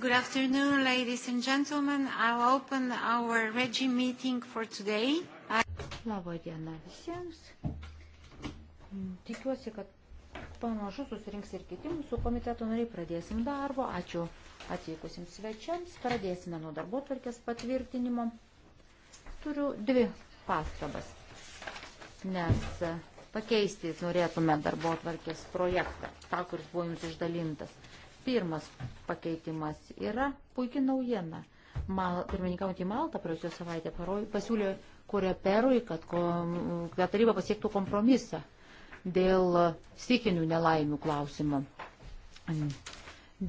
Good afternoon, ladies and gentlemen. I'll open our REGI meeting for today. I... Labą dieną visiems. Tikiuosi, kad panašu susirinks ir kiti mūsų komiteto nariai. Pradėsim darbo. Ačiū atvykusiems svečiams. Pradėsime nuo darbo tvarkės patvirtinimo. Turiu dvi pastabas, nes pakeisti norėtume darbo tvarkės projektą, tą, kuris buvo jums išdalintas. Pirmas pakeitimas yra puikia naujiena. Mal, pirmininkaujant į Maltą praėjusią savaitę paroj, pasiūlė Koreperui, kad, kom, kad taryba pasiektų kompromisą dėl stikinių nelaimių klausimo.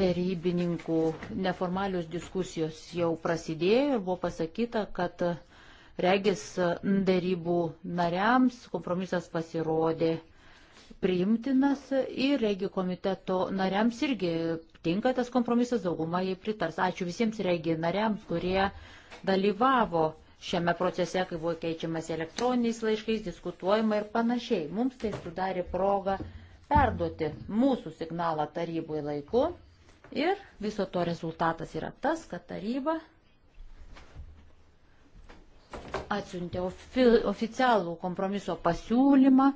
Dėrybininkų neformalios diskusijos jau prasidėjo ir buvo pasakyta, kad regis dėrybų nariams kompromisas pasirodė priimtinas ir regi komiteto nariams irgi tinka tas kompromisas, dauguma jį pritars. Ačiū visiems regi nariams, kurie dalyvavo šiame procese, kai buvo keičiamas elektroniniais laiškais, diskutuojama ir panašiai. Mums tai sudarė progą perduoti mūsų signalą tarybai laiku. Ir viso to rezultatas yra tas, kad taryba atsiuntė ofi oficialų kompromiso pasiūlymą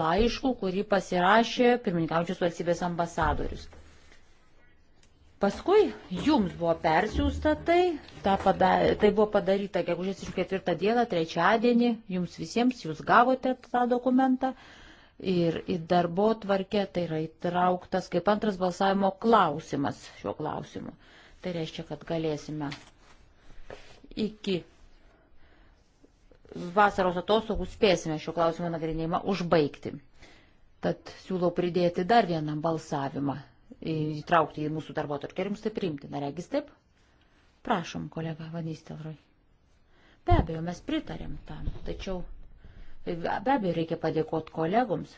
laiškų, kurį pasirašė pirmininkaujančios valstybės ambasadorius. Paskui jums buvo persiųsta tai, ta pada, tai buvo padaryta gegužės 24 dieną, trečiadienį, jums visiems, jūs gavote tą dokumentą ir į darbo tvarkę tai yra įtrauktas kaip antras balsavimo klausimas šiuo klausimu. Tai reiškia, kad galėsime iki vasaros atostogų spėsime šio klausimo nagrinėjimą užbaigti. Tad siūlau pridėti dar vieną balsavimą įtraukti į mūsų darbo tarkę. Ar jums tai priimtina, regis taip? Prašom, kolega Vanistelroj. Be abejo, mes pritarėm tam, tačiau e, be abejo reikia padėkoti kolegoms,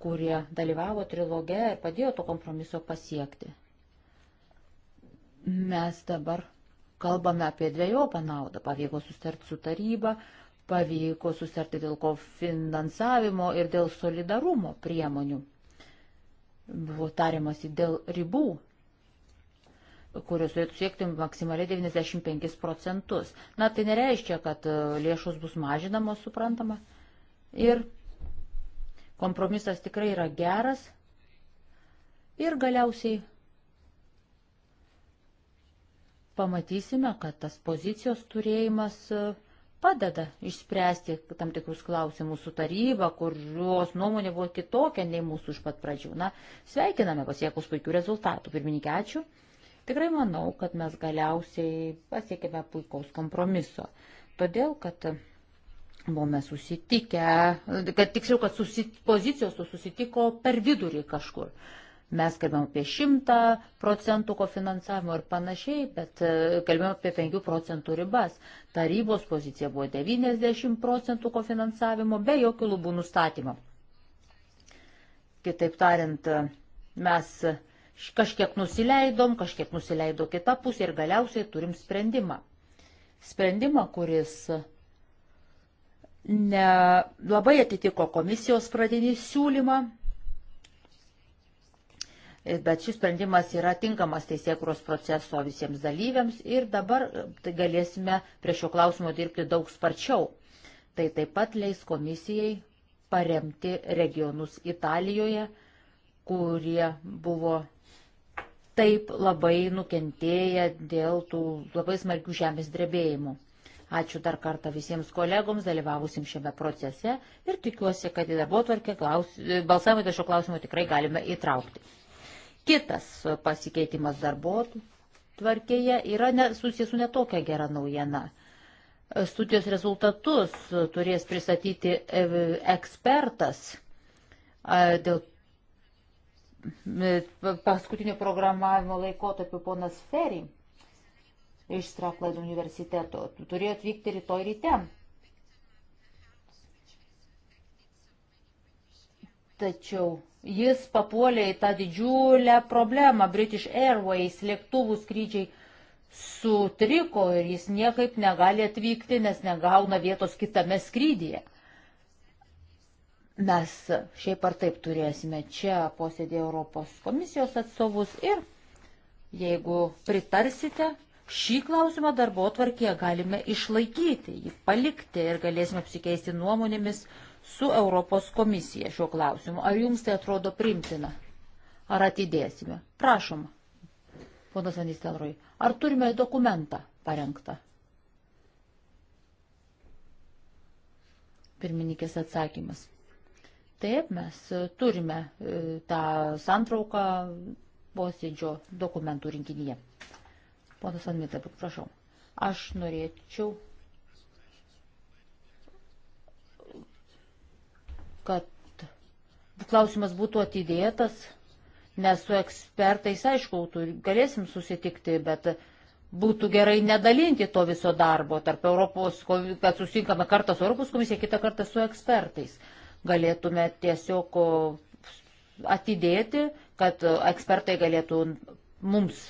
kurie dalyvavo triloge ir padėjo to kompromiso pasiekti. Mes dabar kalbame apie dviejopą naudą. Pavyko susitarti su taryba, pavyko susitarti dėl ko finansavimo ir dėl solidarumo priemonių buvo tariamasi dėl ribų, kurios turėtų siekti maksimaliai 95 procentus. Na, tai nereiškia, kad e, lėšos bus mažinamos, suprantama. Ir kompromisas tikrai yra geras. Ir galiausiai pamatysime, kad tas pozicijos turėjimas uh, padeda išspręsti tam tikrus klausimus su taryba, kurios nuomonė buvo kitokia nei mūsų iš pat pradžių. Na, sveikiname pasiekus puikių rezultatų. Pirmininkė, ačiū. Tikrai manau, kad mes galiausiai pasiekėme puikaus kompromiso. Todėl, kad buvome susitikę, kad tiksliau, kad susit, pozicijos susitiko per vidurį kažkur. Mes kalbėjom apie 100 procentų kofinansavimo ir panašiai, bet e, kalbėjom apie 5 procentų ribas. Tarybos pozicija buvo 90 procentų kofinansavimo be jokių lubų nustatymo. Kitaip tariant, e, mes kažkiek nusileidom, kažkiek nusileido kita pusė ir galiausiai turim sprendimą. Sprendimą, kuris ne labai atitiko komisijos pradinį siūlymą, E, bet šis sprendimas yra tinkamas teisėkuros proceso visiems dalyviams ir dabar e, tai galėsime prie šio klausimo dirbti daug sparčiau. Tai taip pat leis komisijai paremti regionus Italijoje, kurie buvo taip labai nukentėję dėl tų labai smarkių žemės drebėjimų. Ačiū dar kartą visiems kolegoms dalyvavusim šiame procese ir tikiuosi, kad į darbo tvarkę klaus... balsavimą dėl šio klausimo tikrai galime įtraukti. Kitas pasikeitimas darbo tvarkėje yra ne, susijęs su netokia gera naujiena. Studijos rezultatus turės pristatyti ekspertas dėl paskutinio programavimo laikotarpio ponas Ferry iš Straklaid universiteto. Turėjo atvykti rytoj ryte. Tačiau jis papuolė į tą didžiulę problemą. British Airways lėktuvų skrydžiai sutriko ir jis niekaip negali atvykti, nes negauna vietos kitame skrydyje. Mes šiaip ar taip turėsime čia posėdį Europos komisijos atstovus ir jeigu pritarsite, šį klausimą darbo tvarkėje galime išlaikyti, jį palikti ir galėsime apsikeisti nuomonėmis su Europos komisija šiuo klausimu. Ar jums tai atrodo primtina? Ar atidėsime? Prašom, ponas Anistelroj, ar turime dokumentą parengtą? Pirmininkės atsakymas. Taip, mes turime e, tą santrauką posėdžio dokumentų rinkinyje. Ponas Anmita, prašau. Aš norėčiau kad klausimas būtų atidėtas, nes su ekspertais, aišku, galėsim susitikti, bet būtų gerai nedalinti to viso darbo tarp Europos, kad susitinkame kartą su Europos komisija, kitą kartą su ekspertais. Galėtume tiesiog atidėti, kad ekspertai galėtų mums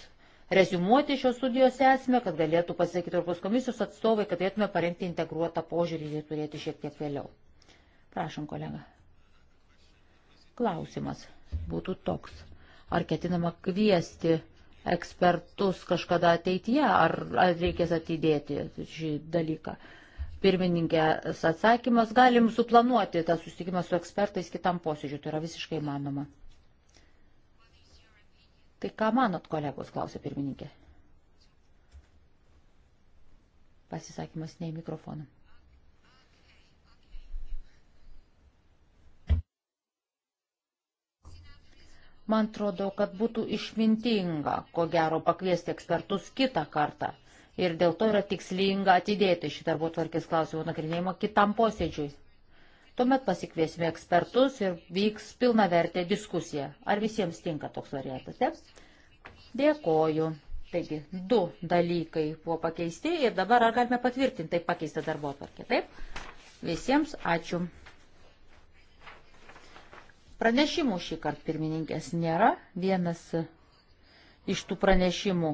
rezumuoti šios studijos esmę, kad galėtų pasakyti Europos komisijos atstovai, kad galėtume parengti integruotą požiūrį ir turėti šiek tiek vėliau. Prašom, kolega. Klausimas būtų toks. Ar ketinama kviesti ekspertus kažkada ateityje, ar, ar reikės atidėti šį dalyką? Pirmininkės atsakymas, galim suplanuoti tą susitikimą su ekspertais kitam posėdžiu, tai yra visiškai manoma. Tai ką manot, kolegos, klausė pirmininkė. Pasisakymas ne į mikrofoną. Man atrodo, kad būtų išmintinga, ko gero, pakviesti ekspertus kitą kartą. Ir dėl to yra tikslinga atidėti šį darbo tvarkės klausimų nagrinėjimą kitam posėdžiui. Tuomet pasikviesime ekspertus ir vyks pilna vertė diskusija. Ar visiems tinka toks variantas? Taip? Dėkoju. Taigi, du dalykai buvo pakeisti ir dabar ar galime patvirtinti taip pakeistą darbo atvarkę. Taip? Visiems ačiū. Pranešimų šį kartą pirmininkės nėra. Vienas iš tų pranešimų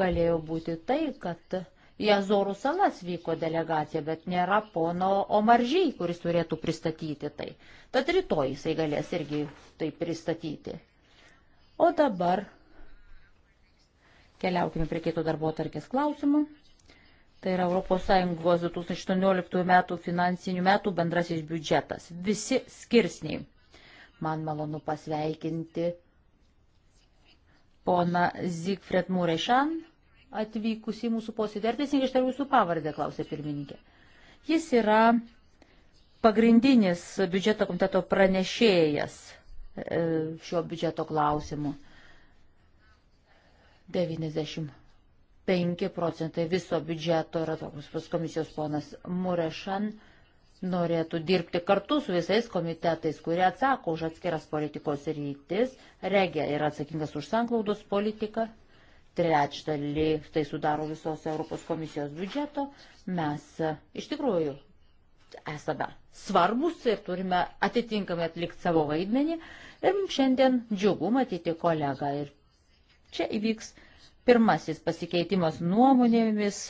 galėjo būti tai, kad į Azorų salas vyko delegacija, bet nėra pono Omaržiai, kuris turėtų pristatyti tai. Tad rytoj jisai galės irgi tai pristatyti. O dabar keliaukime prie kito darbo tarkės klausimų. Tai yra ES 2018 metų finansinių metų bendrasis biudžetas. Visi skirsniai. Man malonu pasveikinti pona Zigfred Mūrešan atvykus į mūsų posėdį. Ar teisingai ištariu jūsų pavardę, klausė pirmininkė. Jis yra pagrindinis biudžeto komiteto pranešėjas e, šio biudžeto klausimu. 95 procentai viso biudžeto yra tokios komisijos ponas Murešan norėtų dirbti kartu su visais komitetais, kurie atsako už atskiras politikos rytis, regė yra atsakingas už sanklaudos politiką, trečdalį tai sudaro visos Europos komisijos biudžeto, mes e, iš tikrųjų esame svarbus ir turime atitinkamai atlikti savo vaidmenį. Ir šiandien džiugu matyti kolegą. Ir čia įvyks pirmasis pasikeitimas nuomonėmis.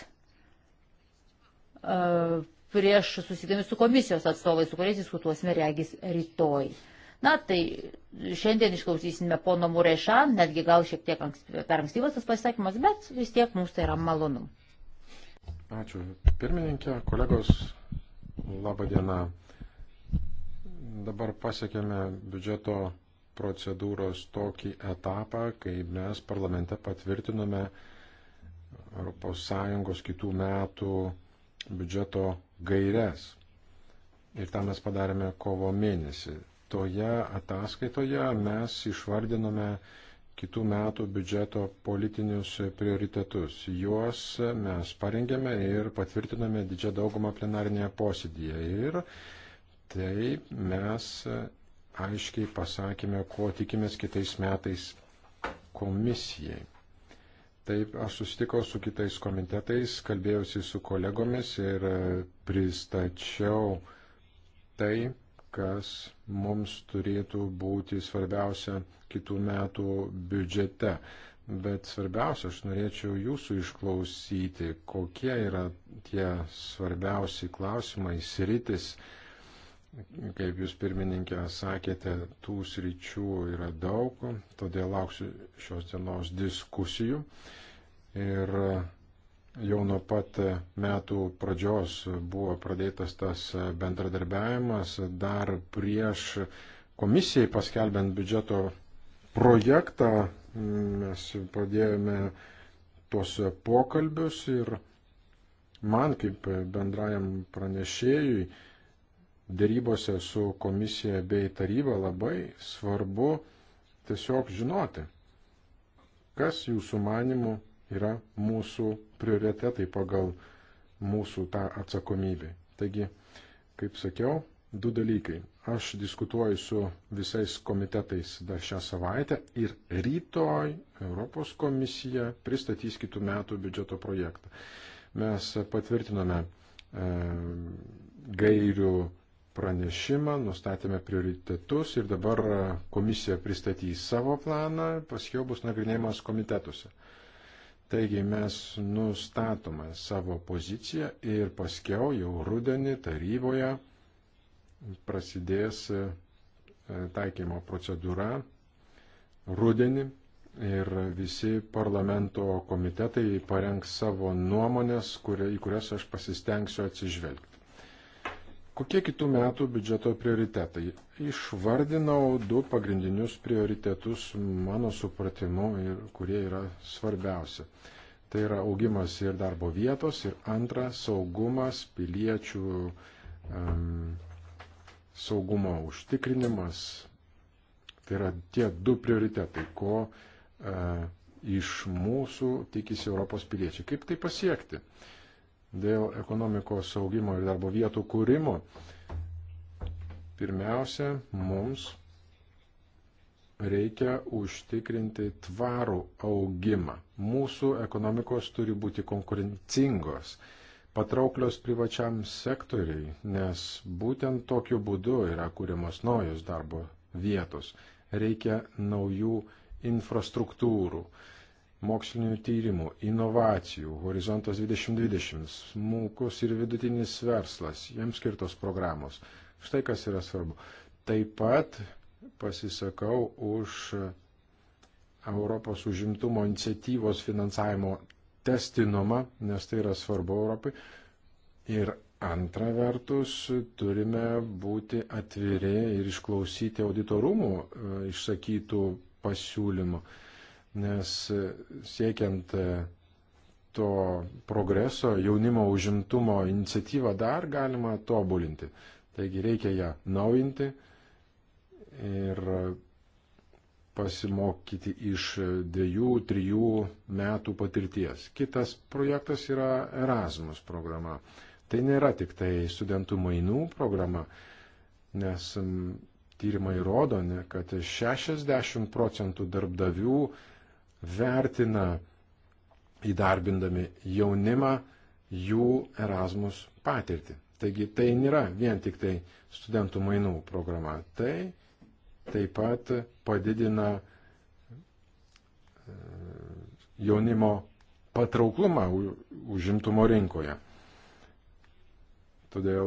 Uh, prieš susitikdami su komisijos atstovais, su kuriais diskutuosime regis rytoj. Na, tai šiandien išklausysime pono Murešan, netgi gal šiek tiek per ankstyvas tas pasisakymas, bet vis tiek mums tai yra malonu. Ačiū pirmininkė, kolegos, laba diena. Dabar pasiekėme biudžeto procedūros tokį etapą, kai mes parlamente patvirtinome ES kitų metų biudžeto gairias. Ir tą mes padarėme kovo mėnesį. Toje ataskaitoje mes išvardinome kitų metų biudžeto politinius prioritetus. Juos mes parengėme ir patvirtiname didžią daugumą plenarinėje posėdėje. Ir taip mes aiškiai pasakėme, ko tikimės kitais metais komisijai. Taip, aš susitikau su kitais komitetais, kalbėjausi su kolegomis ir pristačiau tai, kas mums turėtų būti svarbiausia kitų metų biudžete. Bet svarbiausia, aš norėčiau jūsų išklausyti, kokie yra tie svarbiausi klausimai, sritis, kaip jūs pirmininkė sakėte, tų sričių yra daug, todėl lauksiu šios dienos diskusijų. Ir jau nuo pat metų pradžios buvo pradėtas tas bendradarbiavimas dar prieš komisijai paskelbent biudžeto projektą. Mes pradėjome tuos pokalbius ir man kaip bendrajam pranešėjui dėrybose su komisija bei taryba labai svarbu tiesiog žinoti, kas jūsų manimų yra mūsų prioritetai pagal mūsų tą atsakomybę. Taigi, kaip sakiau, du dalykai. Aš diskutuoju su visais komitetais dar šią savaitę ir rytoj Europos komisija pristatys kitų metų biudžeto projektą. Mes patvirtinome e, gairių pranešimą, nustatėme prioritetus ir dabar komisija pristatys savo planą, paskui bus nagrinėjimas komitetuose. Taigi mes nustatome savo poziciją ir paskiau jau rudenį taryboje prasidės e, taikymo procedūra rudenį ir visi parlamento komitetai parengs savo nuomonės, kuria, į kurias aš pasistengsiu atsižvelgti. Kokie kitų metų biudžeto prioritetai? Išvardinau du pagrindinius prioritetus mano supratimu, ir, kurie yra svarbiausi. Tai yra augimas ir darbo vietos ir antra saugumas, piliečių um, saugumo užtikrinimas. Tai yra tie du prioritetai, ko uh, iš mūsų tikisi Europos piliečiai. Kaip tai pasiekti? Uh, dėl ekonomikos saugimo ir darbo vietų kūrimo, pirmiausia, mums reikia užtikrinti tvarų augimą. Mūsų ekonomikos turi būti konkurencingos, patrauklios privačiam sektoriai, nes būtent tokiu būdu yra kūriamos naujos darbo vietos. Reikia naujų infrastruktūrų mokslinių tyrimų, inovacijų, Horizontas 2020, smulkus ir vidutinis verslas, jiems skirtos programos. Štai kas yra svarbu. Taip pat pasisakau už Europos užimtumo iniciatyvos finansavimo testinumą, nes tai yra svarbu Europai. Ir antra vertus, turime būti atviri ir išklausyti auditorumų e, išsakytų pasiūlymų nes e, siekiant e, to progreso jaunimo užimtumo iniciatyvą dar galima tobulinti. Taigi reikia ją naujinti ir pasimokyti iš dviejų, trijų metų patirties. Kitas projektas yra Erasmus programa. Tai nėra tik tai studentų mainų programa, nes tyrimai rodo, ne, kad 60 procentų darbdavių vertina įdarbindami jaunimą jų Erasmus patirtį. Taigi tai nėra vien tik tai studentų mainų programa. Tai taip pat padidina e, jaunimo patrauklumą užimtumo rinkoje. Todėl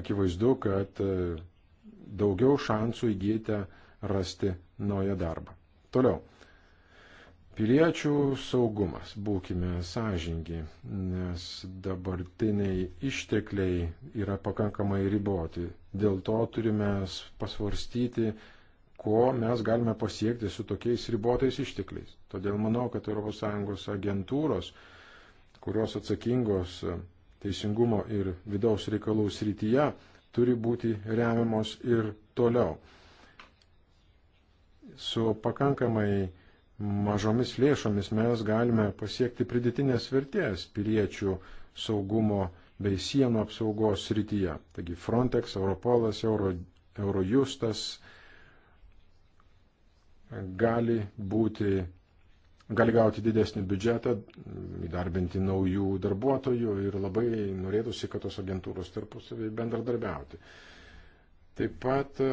akivaizdu, kad e, daugiau šansų įgyti rasti naują darbą. Toliau. Piliečių saugumas, būkime sąžingi, nes dabartiniai ištekliai yra pakankamai riboti. Dėl to turime pasvarstyti, ko mes galime pasiekti su tokiais ribotais ištekliais. Todėl manau, kad ES agentūros, kurios atsakingos teisingumo ir vidaus reikalų srityje, turi būti remiamos ir toliau. Su pakankamai mažomis lėšomis mes galime pasiekti pridėtinės vertės piliečių saugumo bei sienų apsaugos srityje. Taigi Frontex, Europolas, Euro, Eurojustas gali būti gali gauti didesnį biudžetą, įdarbinti naujų darbuotojų ir labai norėtųsi, kad tos agentūros tarpusavį bendradarbiauti. Taip pat e,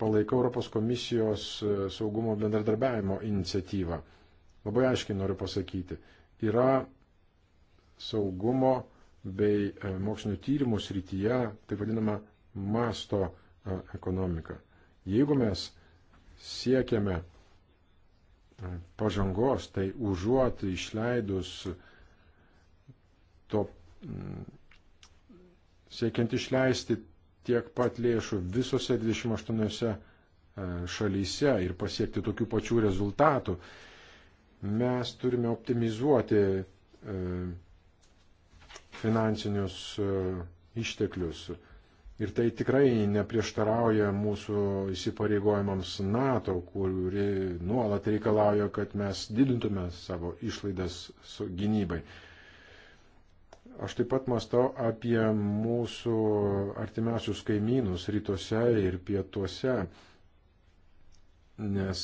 palaikau Europos komisijos e, saugumo bendradarbiavimo iniciatyvą. Labai aiškiai noriu pasakyti, yra saugumo bei e, mokslinio tyrimų srityje taip vadinama masto ekonomika. Jeigu mes siekiame pažangos, tai užuot išleidus to siekiant išleisti tiek pat lėšų visose 28 e, šalyse ir pasiekti tokių pačių rezultatų, mes turime optimizuoti e, finansinius e, išteklius. Ir tai tikrai neprieštarauja mūsų įsipareigojimams NATO, kuri nuolat reikalauja, kad mes didintume savo išlaidas gynybai. Aš taip pat mastau apie mūsų artimiausius kaimynus rytuose ir pietuose, nes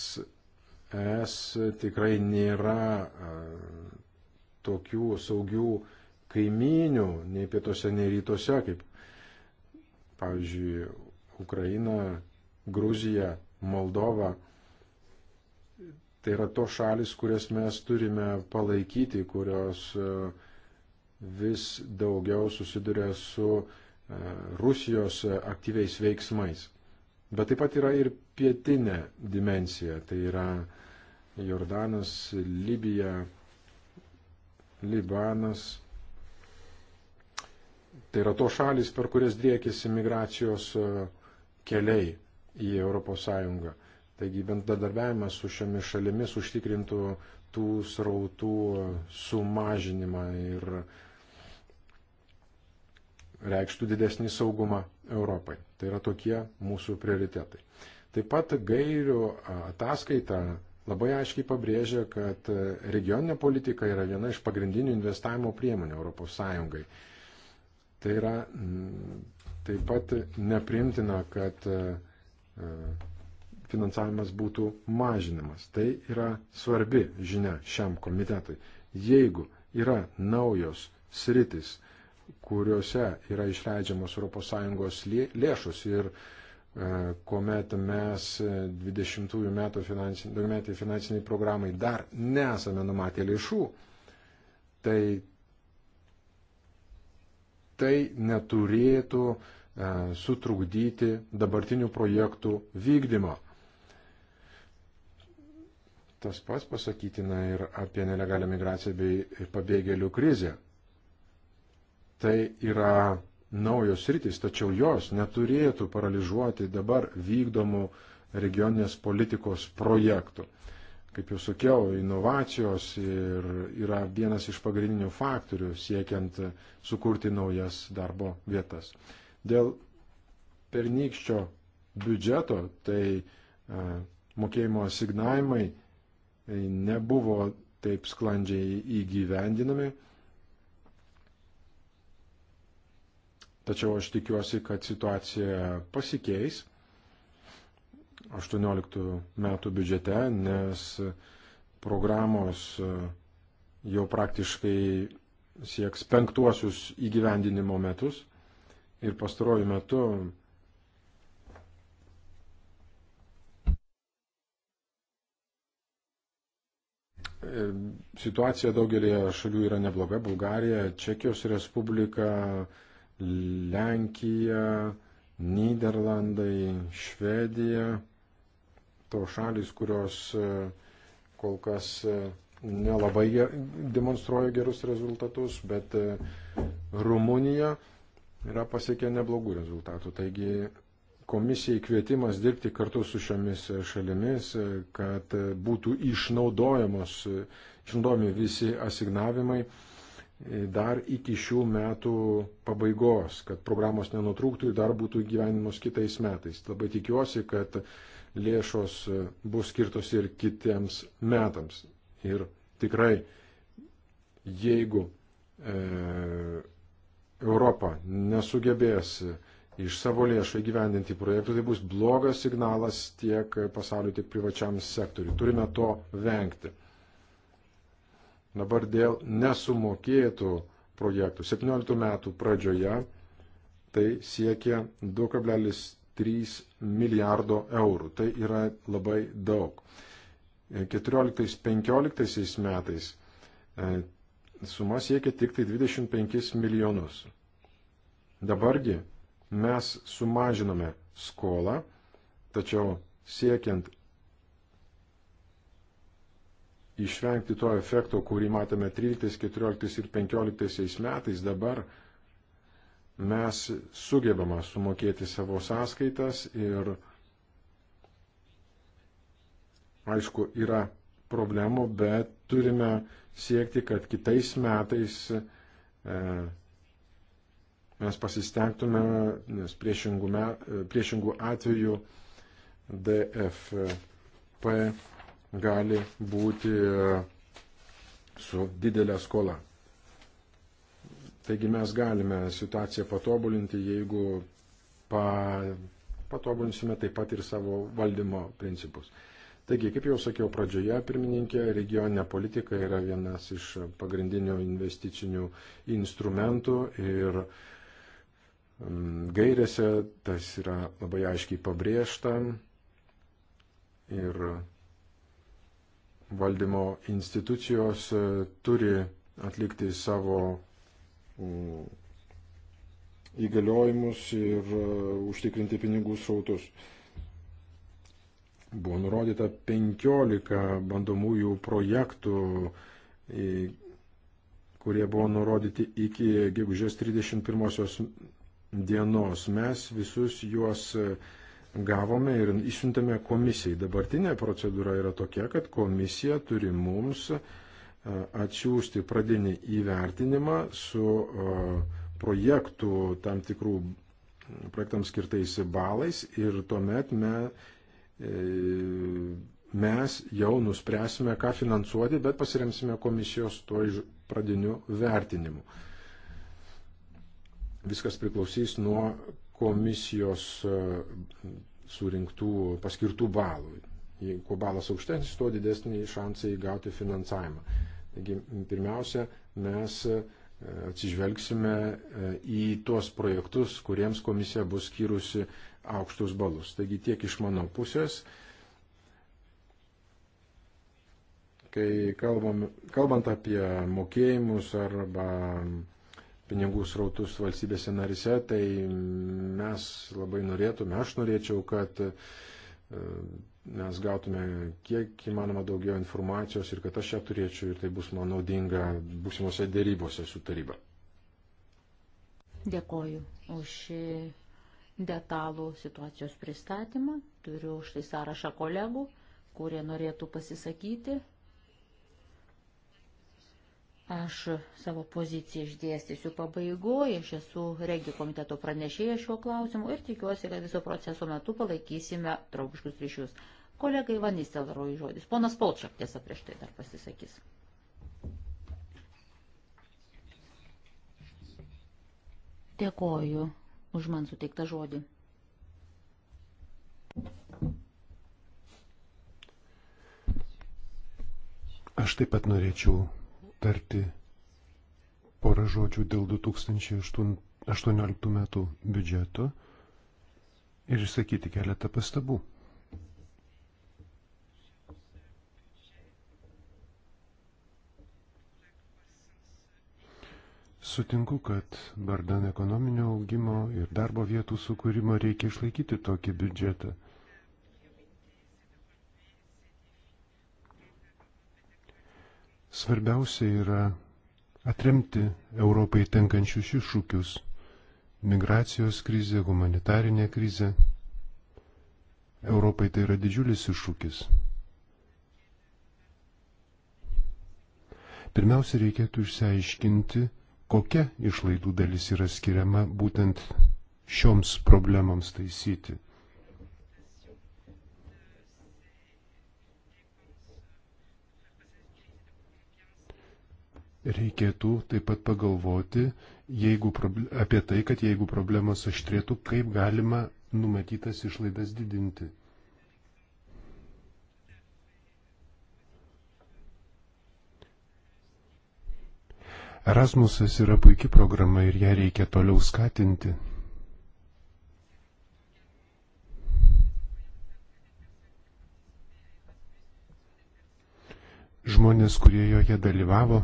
es tikrai nėra tokių saugių kaimynių nei pietuose, nei rytuose, kaip pavyzdžiui Ukraina, Gruzija, Moldova. Tai yra to šalis, kurias mes turime palaikyti, kurios uh, vis daugiau susiduria su e, Rusijos aktyviais veiksmais. Bet taip pat yra ir pietinė dimensija, tai yra Jordanas, Libija, Libanas. Tai yra to šalis, per kurias driekėsi migracijos e, keliai į ES. Taigi bendradarbiavimas su šiomis šalimis užtikrintų tų srautų e, sumažinimą ir uh, reikštų didesnį saugumą Europai. Tai yra tokie mūsų prioritetai. Taip pat gairių ataskaita labai aiškiai pabrėžia, kad regioninė politika yra viena iš pagrindinių investavimo priemonių ES. Tai yra mm, taip pat neprimtina, kad e, finansavimas būtų mažinamas. Tai yra svarbi žinia šiam komitetui. Jeigu yra naujos sritis, kuriuose yra išleidžiamos ES lėšus ir e, kuomet mes 20 metų finansiniai, finansiniai programai dar nesame numatę lėšų, tai tai neturėtų e, sutrukdyti dabartinių projektų vykdymo. Tas pats pasakytina ir apie nelegalią migraciją bei pabėgėlių krizę. Tai yra naujos rytis, tačiau jos neturėtų paralyžuoti dabar vykdomų regioninės politikos projektų. Kaip jau sakiau, inovacijos ir yra vienas iš pagrindinių faktorių siekiant sukurti naujas darbo vietas. Dėl pernykščio biudžeto, tai a, e, mokėjimo asignavimai e, nebuvo taip sklandžiai įgyvendinami, Tačiau aš tikiuosi, kad situacija pasikeis 18 metų biudžete, nes programos e, jau praktiškai sieks penktuosius įgyvendinimo metus ir pastaruoju metu e, situacija daugelėje šalių yra nebloga. Bulgarija, Čekijos Respublika, Lenkija, Niderlandai, Švedija, to šalis, kurios e, kol kas e, nelabai demonstruoja gerus rezultatus, bet e, Rumunija yra pasiekę neblogų rezultatų. Taigi komisijai kvietimas dirbti kartu su šiomis šalimis, kad būtų išnaudojamos, išnaudojami visi asignavimai dar iki šių metų pabaigos, kad programos nenutrūktų ir dar būtų gyvenimus kitais metais. Labai tikiuosi, kad lėšos bus skirtos ir kitiems metams. Ir tikrai, jeigu e, Europa nesugebės iš savo lėšų įgyvendinti projektų, tai bus blogas signalas tiek pasauliu, tiek privačiam sektoriu. Turime to vengti. Dabar dėl nesumokėtų projektų. 17 metų pradžioje tai siekia 2,3 milijardo eurų. Tai yra labai daug. 14-15 metais e, suma siekia tik tai 25 milijonus. Dabargi mes sumažinome skolą, tačiau siekiant išvengti to efekto, kurį matėme 13, 14 ir 15 metais, dabar mes sugebame sumokėti savo sąskaitas ir aišku yra problemų, bet turime siekti, kad kitais metais e, mes pasistengtume, nes priešingų, me, priešingų atveju DFP gali būti e, su didelė skola. Taigi mes galime situaciją patobulinti, jeigu pa, patobulinsime taip pat ir savo valdymo principus. Taigi, kaip jau sakiau pradžioje, pirmininkė, regioninė politika yra vienas iš pagrindinių investicinių instrumentų ir gairėse tas yra labai aiškiai pabrėžta ir valdymo institucijos e, turi atlikti savo įgaliojimus ir e, užtikrinti pinigų srautus. Buvo nurodyta 15 bandomųjų projektų, kurie buvo nurodyti iki gegužės 31 dienos. Mes visus juos e, gavome ir išsiuntėme komisijai. Dabartinė procedūra yra tokia, kad komisija turi mums e, atsiųsti pradinį įvertinimą su e, projektų tam tikrų projektams skirtais balais ir tuomet me, e, mes jau nuspręsime, ką finansuoti, bet pasiremsime komisijos tuo pradiniu vertinimu. Viskas priklausys nuo komisijos e, surinktų paskirtų balų. Kuo balas aukštesnis, tuo didesnį šansai gauti finansavimą. Taigi, pirmiausia, mes e, atsižvelgsime e, į tuos projektus, kuriems komisija bus skyrusi aukštus balus. Taigi tiek iš mano pusės. Kai kalbam, kalbant apie mokėjimus arba pinigų srautus valstybėse narise, tai mes labai norėtume, aš norėčiau, kad e, mes gautume kiek įmanoma daugiau informacijos ir kad aš ją turėčiau ir tai bus man naudinga būsimose dėrybose su taryba. Dėkoju už detalų situacijos pristatymą. Turiu štai sąrašą kolegų, kurie norėtų pasisakyti. Aš savo poziciją išdėstysiu pabaigoje, aš esu regi komiteto pranešėja šiuo klausimu ir tikiuosi, kad viso proceso metu palaikysime draugiškus ryšius. Kolegai Vanys Telroj žodis. Ponas Polčiak tiesa prieš tai dar pasisakys. Dėkoju už man suteiktą žodį. Aš taip pat norėčiau tarti porą žodžių dėl 2018 metų biudžeto ir išsakyti keletą pastabų. Sutinku, kad vardan ekonominio augimo ir darbo vietų sukūrimo reikia išlaikyti tokį biudžetą. Svarbiausia yra atremti Europai tenkančius iššūkius - migracijos krizė, humanitarinė krizė. Europai tai yra didžiulis iššūkis. Pirmiausia, reikėtų išsiaiškinti, kokia išlaidų dalis yra skiriama būtent šioms problemams taisyti. reikėtų taip pat pagalvoti jeigu, apie tai, kad jeigu problemos aštrėtų, kaip galima numatytas išlaidas didinti. Erasmusas yra puikia programa ir ją reikia toliau skatinti. Žmonės, kurie joje dalyvavo,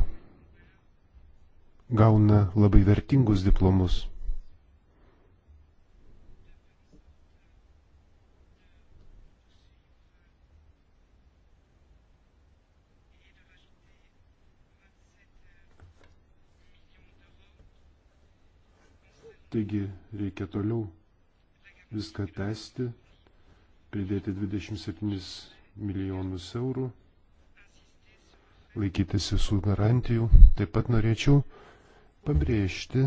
gauna labai vertingus diplomus. Taigi reikia toliau viską tęsti, pridėti 27 milijonus eurų, laikytis visų garantijų. Taip pat norėčiau pabrėžti,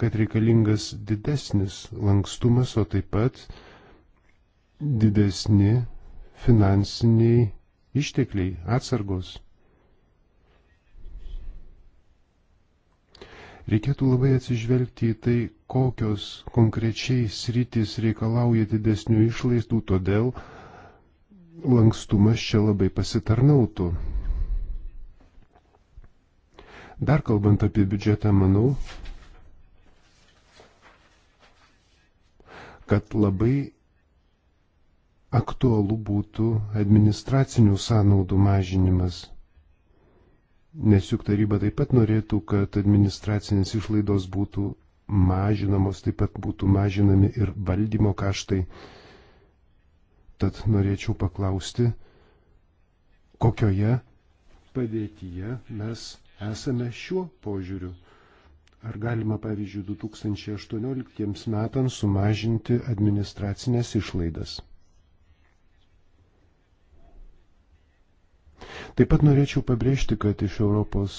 kad reikalingas didesnis lankstumas, o taip pat didesni finansiniai ištekliai, atsargos. Reikėtų labai atsižvelgti į tai, kokios konkrečiai sritis reikalauja didesnių išlaidų, todėl lankstumas čia labai pasitarnautų. Dar kalbant apie biudžetą, manau, kad labai aktualu būtų administracinių sąnaudų mažinimas. Nes juk taryba taip pat norėtų, kad administracinės išlaidos būtų mažinamos, taip pat būtų mažinami ir valdymo kaštai. Tad norėčiau paklausti, kokioje padėtyje mes esame šiuo požiūriu. Ar galima, pavyzdžiui, 2018 metams sumažinti administracinės išlaidas? Taip pat norėčiau pabrėžti, kad iš Europos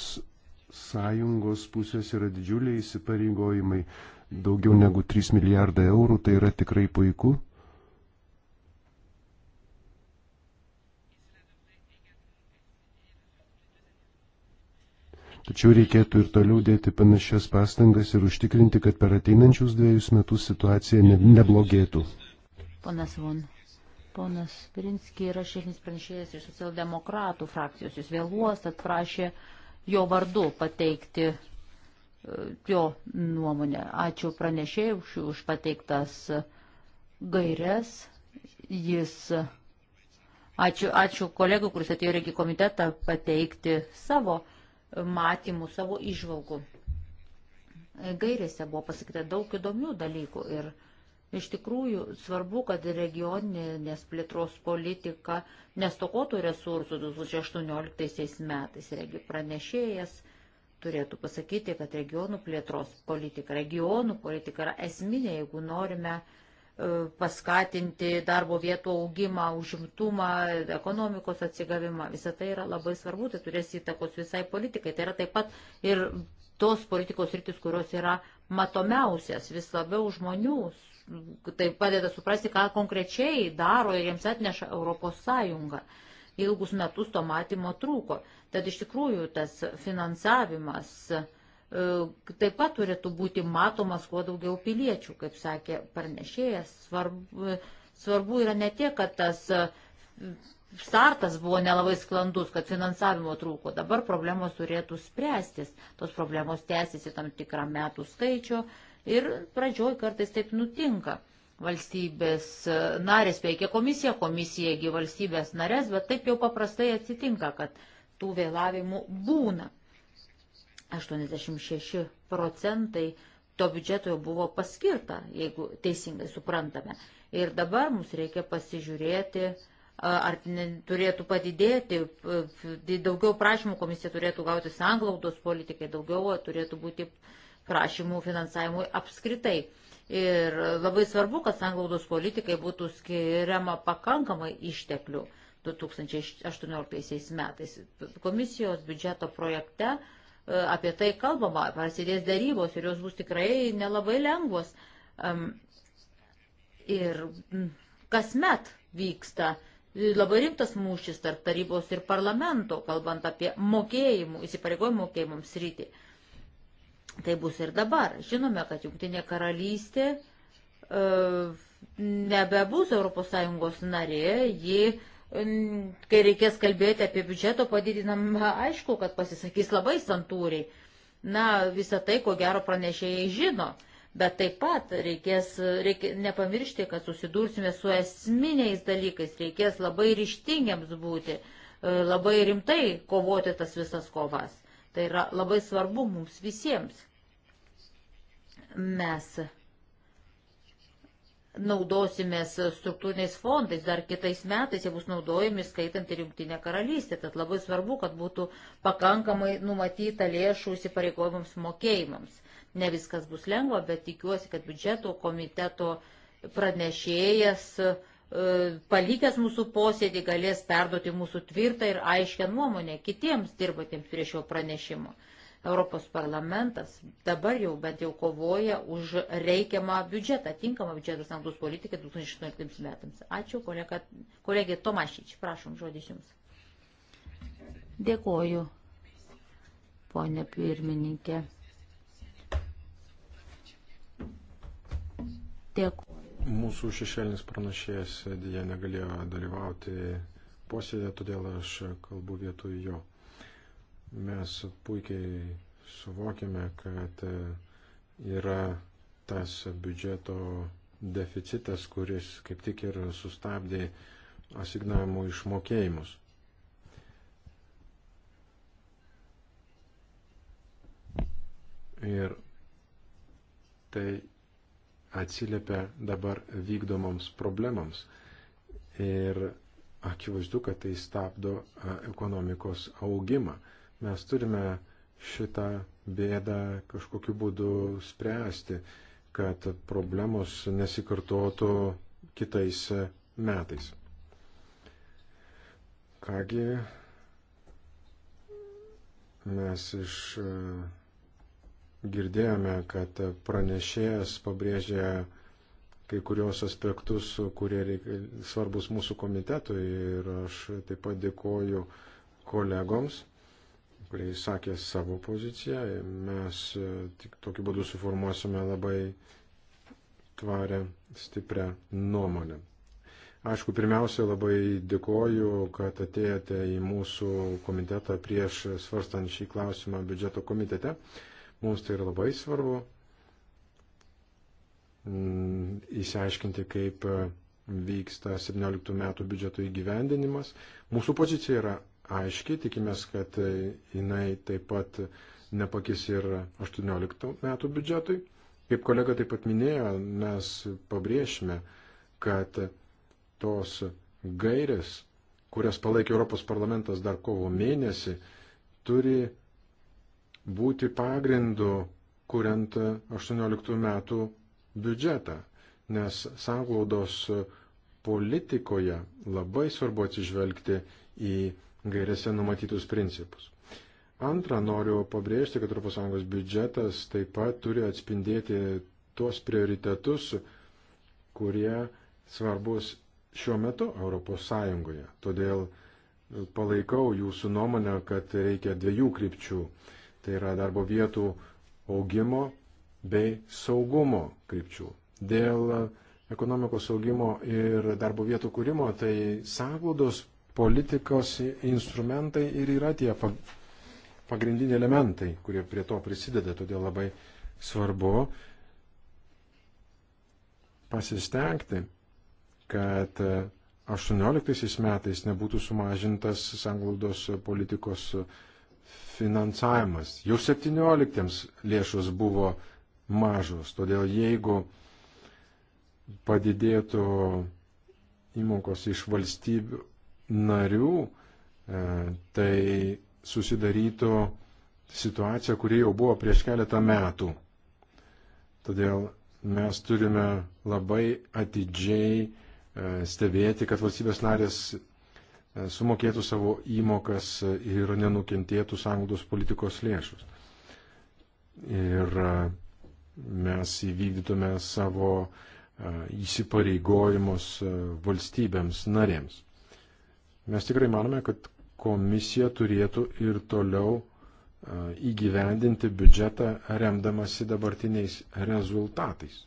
sąjungos pusės yra didžiuliai įsipareigojimai, daugiau negu 3 milijardai eurų, tai yra tikrai puiku. Tačiau reikėtų ir toliau dėti panašias pastangas ir užtikrinti, kad per ateinančius dviejus metus situacija ne, neblogėtų. Ponas Von, ponas Pirinski yra šešnis pranešėjas iš socialdemokratų frakcijos. Jis vėluos, tad prašė jo vardu pateikti e, jo nuomonę. Ačiū pranešėjai už, už pateiktas gairias. Jis. Ačiū, ačiū kolegų, kuris atėjo reikia komitetą pateikti savo matymų, savo išvalgų. Gairėse buvo pasakyta daug įdomių dalykų ir iš tikrųjų svarbu, kad regioninės plėtros politika nestokotų resursų 2018 metais. Regi pranešėjas turėtų pasakyti, kad regionų plėtros politika, regionų politika yra esminė, jeigu norime uh, paskatinti darbo vietų augimą, užimtumą, ekonomikos atsigavimą. Visą tai yra labai svarbu, tai turės įtakos visai politikai. Tai yra taip pat ir tos politikos rytis, kurios yra matomiausias, vis labiau žmonių tai padeda suprasti, ką konkrečiai daro ir jiems atneša Europos Sąjunga. Ilgus metus to matymo trūko. Tad iš tikrųjų tas finansavimas uh, E, taip pat turėtų būti matomas kuo daugiau piliečių, kaip sakė parnešėjas. Svarbu, e, svarbu yra ne tiek, kad tas e, startas buvo nelabai sklandus, kad finansavimo trūko. Dabar problemos turėtų spręstis. Tos problemos tęsiasi tam tikrą metų skaičių ir pradžioj kartais taip nutinka. Valstybės narės veikia komisija, komisijagi valstybės narės, bet taip jau paprastai atsitinka, kad tų vėlavimų būna. 86 procentai to biudžeto jau buvo paskirta, jeigu teisingai suprantame. Ir dabar mums reikia pasižiūrėti, ar turėtų padidėti, daugiau prašymų komisija turėtų gauti sanglaudos politikai, daugiau turėtų būti prašymų finansavimui apskritai. Ir labai svarbu, kad sanglaudos politikai būtų skiriama pakankamai išteklių 2018 metais. Komisijos biudžeto projekte uh, E, apie tai kalbama, prasidės darybos ir jos bus tikrai nelabai lengvos. Ir kasmet vyksta labai rimtas mūšis tarp tarybos ir parlamento, kalbant apie mokėjimų, įsipareigojimų mokėjimams rytį. Tai bus ir dabar. Žinome, kad Junktinė karalystė e, nebebus ES narė, ji kai reikės kalbėti apie biudžeto padidinamą, aišku, kad pasisakys labai santūriai. Na, visą tai, ko gero pranešėjai žino, bet taip pat reikės reikia, nepamiršti, kad susidursime su esminiais dalykais, reikės labai ryštingiams būti, e, labai rimtai kovoti tas visas kovas. Tai yra labai svarbu mums visiems. Mes naudosimės struktūriniais fondais, dar kitais metais jie bus naudojami, skaitant ir Junktinę karalystę. Tad labai svarbu, kad būtų pakankamai numatyta lėšų įsipareigojimams mokėjimams. Ne viskas bus lengva, bet tikiuosi, kad biudžeto komiteto pranešėjas e, palikęs mūsų posėdį galės perduoti mūsų tvirtą ir aiškę nuomonę kitiems dirbantiems prie šio pranešimo. Europos parlamentas dabar jau bent jau kovoja už reikiamą biudžetą, tinkamą biudžetą sanglus politikai 2018 metams. Ačiū, kolega, kolegė Tomašyč, prašom, žodis jums. Dėkoju, ponė pirmininkė. Dėkoju. Mūsų šešėlinis pranašėjas dėja negalėjo dalyvauti posėdė, todėl aš kalbu vietoj jo. Mes puikiai suvokiame, kad yra tas biudžeto deficitas, kuris kaip tik ir sustabdė asignavimų išmokėjimus. Ir tai atsiliepia dabar vykdomoms problemams. Ir akivaizdu, kad tai stabdo ekonomikos augimą. Mes turime šitą bėdą kažkokiu būdu spręsti, kad problemos nesikartotų kitais metais. Kągi, mes iš girdėjome, kad pranešėjas pabrėžė kai kurios aspektus, kurie reik, svarbus mūsų komitetui ir aš taip pat dėkoju kolegoms kurie įsakė savo poziciją. Mes e, tik tokiu būdu suformuosime labai tvarę, stiprią nuomonę. Aišku, pirmiausia, labai dėkoju, kad atėjote į mūsų komitetą prieš svarstant šį klausimą biudžeto komitete. Mums tai yra labai svarbu įsiaiškinti, mm, kaip vyksta 17 metų biudžeto įgyvendinimas. Mūsų pozicija yra aiški, tikimės, kad jinai taip pat nepakis ir 18 metų biudžetui. Kaip kolega taip pat minėjo, mes pabrėšime, kad tos gairės, kurias palaikė Europos parlamentas dar kovo mėnesį, turi būti pagrindu, kuriant 18 metų biudžetą, nes sąglaudos politikoje labai svarbu atsižvelgti į gairėse numatytus principus. Antra, noriu pabrėžti, kad ES biudžetas taip pat turi atspindėti tuos prioritetus, kurie svarbus šiuo metu ES. Todėl palaikau jūsų nuomonę, kad reikia dviejų krypčių. Tai yra darbo vietų augimo bei saugumo krypčių. Dėl ekonomikos augimo ir darbo vietų kūrimo, tai sąglaudos politikos instrumentai ir yra tie pagrindiniai elementai, kurie prie to prisideda. Todėl labai svarbu pasistengti, kad 18 e, metais nebūtų sumažintas sanglaudos politikos finansavimas. Jau 17 lėšos buvo mažos, todėl jeigu padidėtų įmokos iš valstybių, narių, e, tai susidarytų situacija, kuri jau buvo prieš keletą metų. Todėl mes turime labai atidžiai e, stebėti, kad valstybės narės e, sumokėtų savo įmokas ir nenukentėtų sąnaudos politikos lėšus. Ir mes įvykdytume savo įsipareigojimus valstybėms narėms. Mes tikrai manome, kad komisija turėtų ir toliau e, įgyvendinti biudžetą remdamasi dabartiniais rezultatais.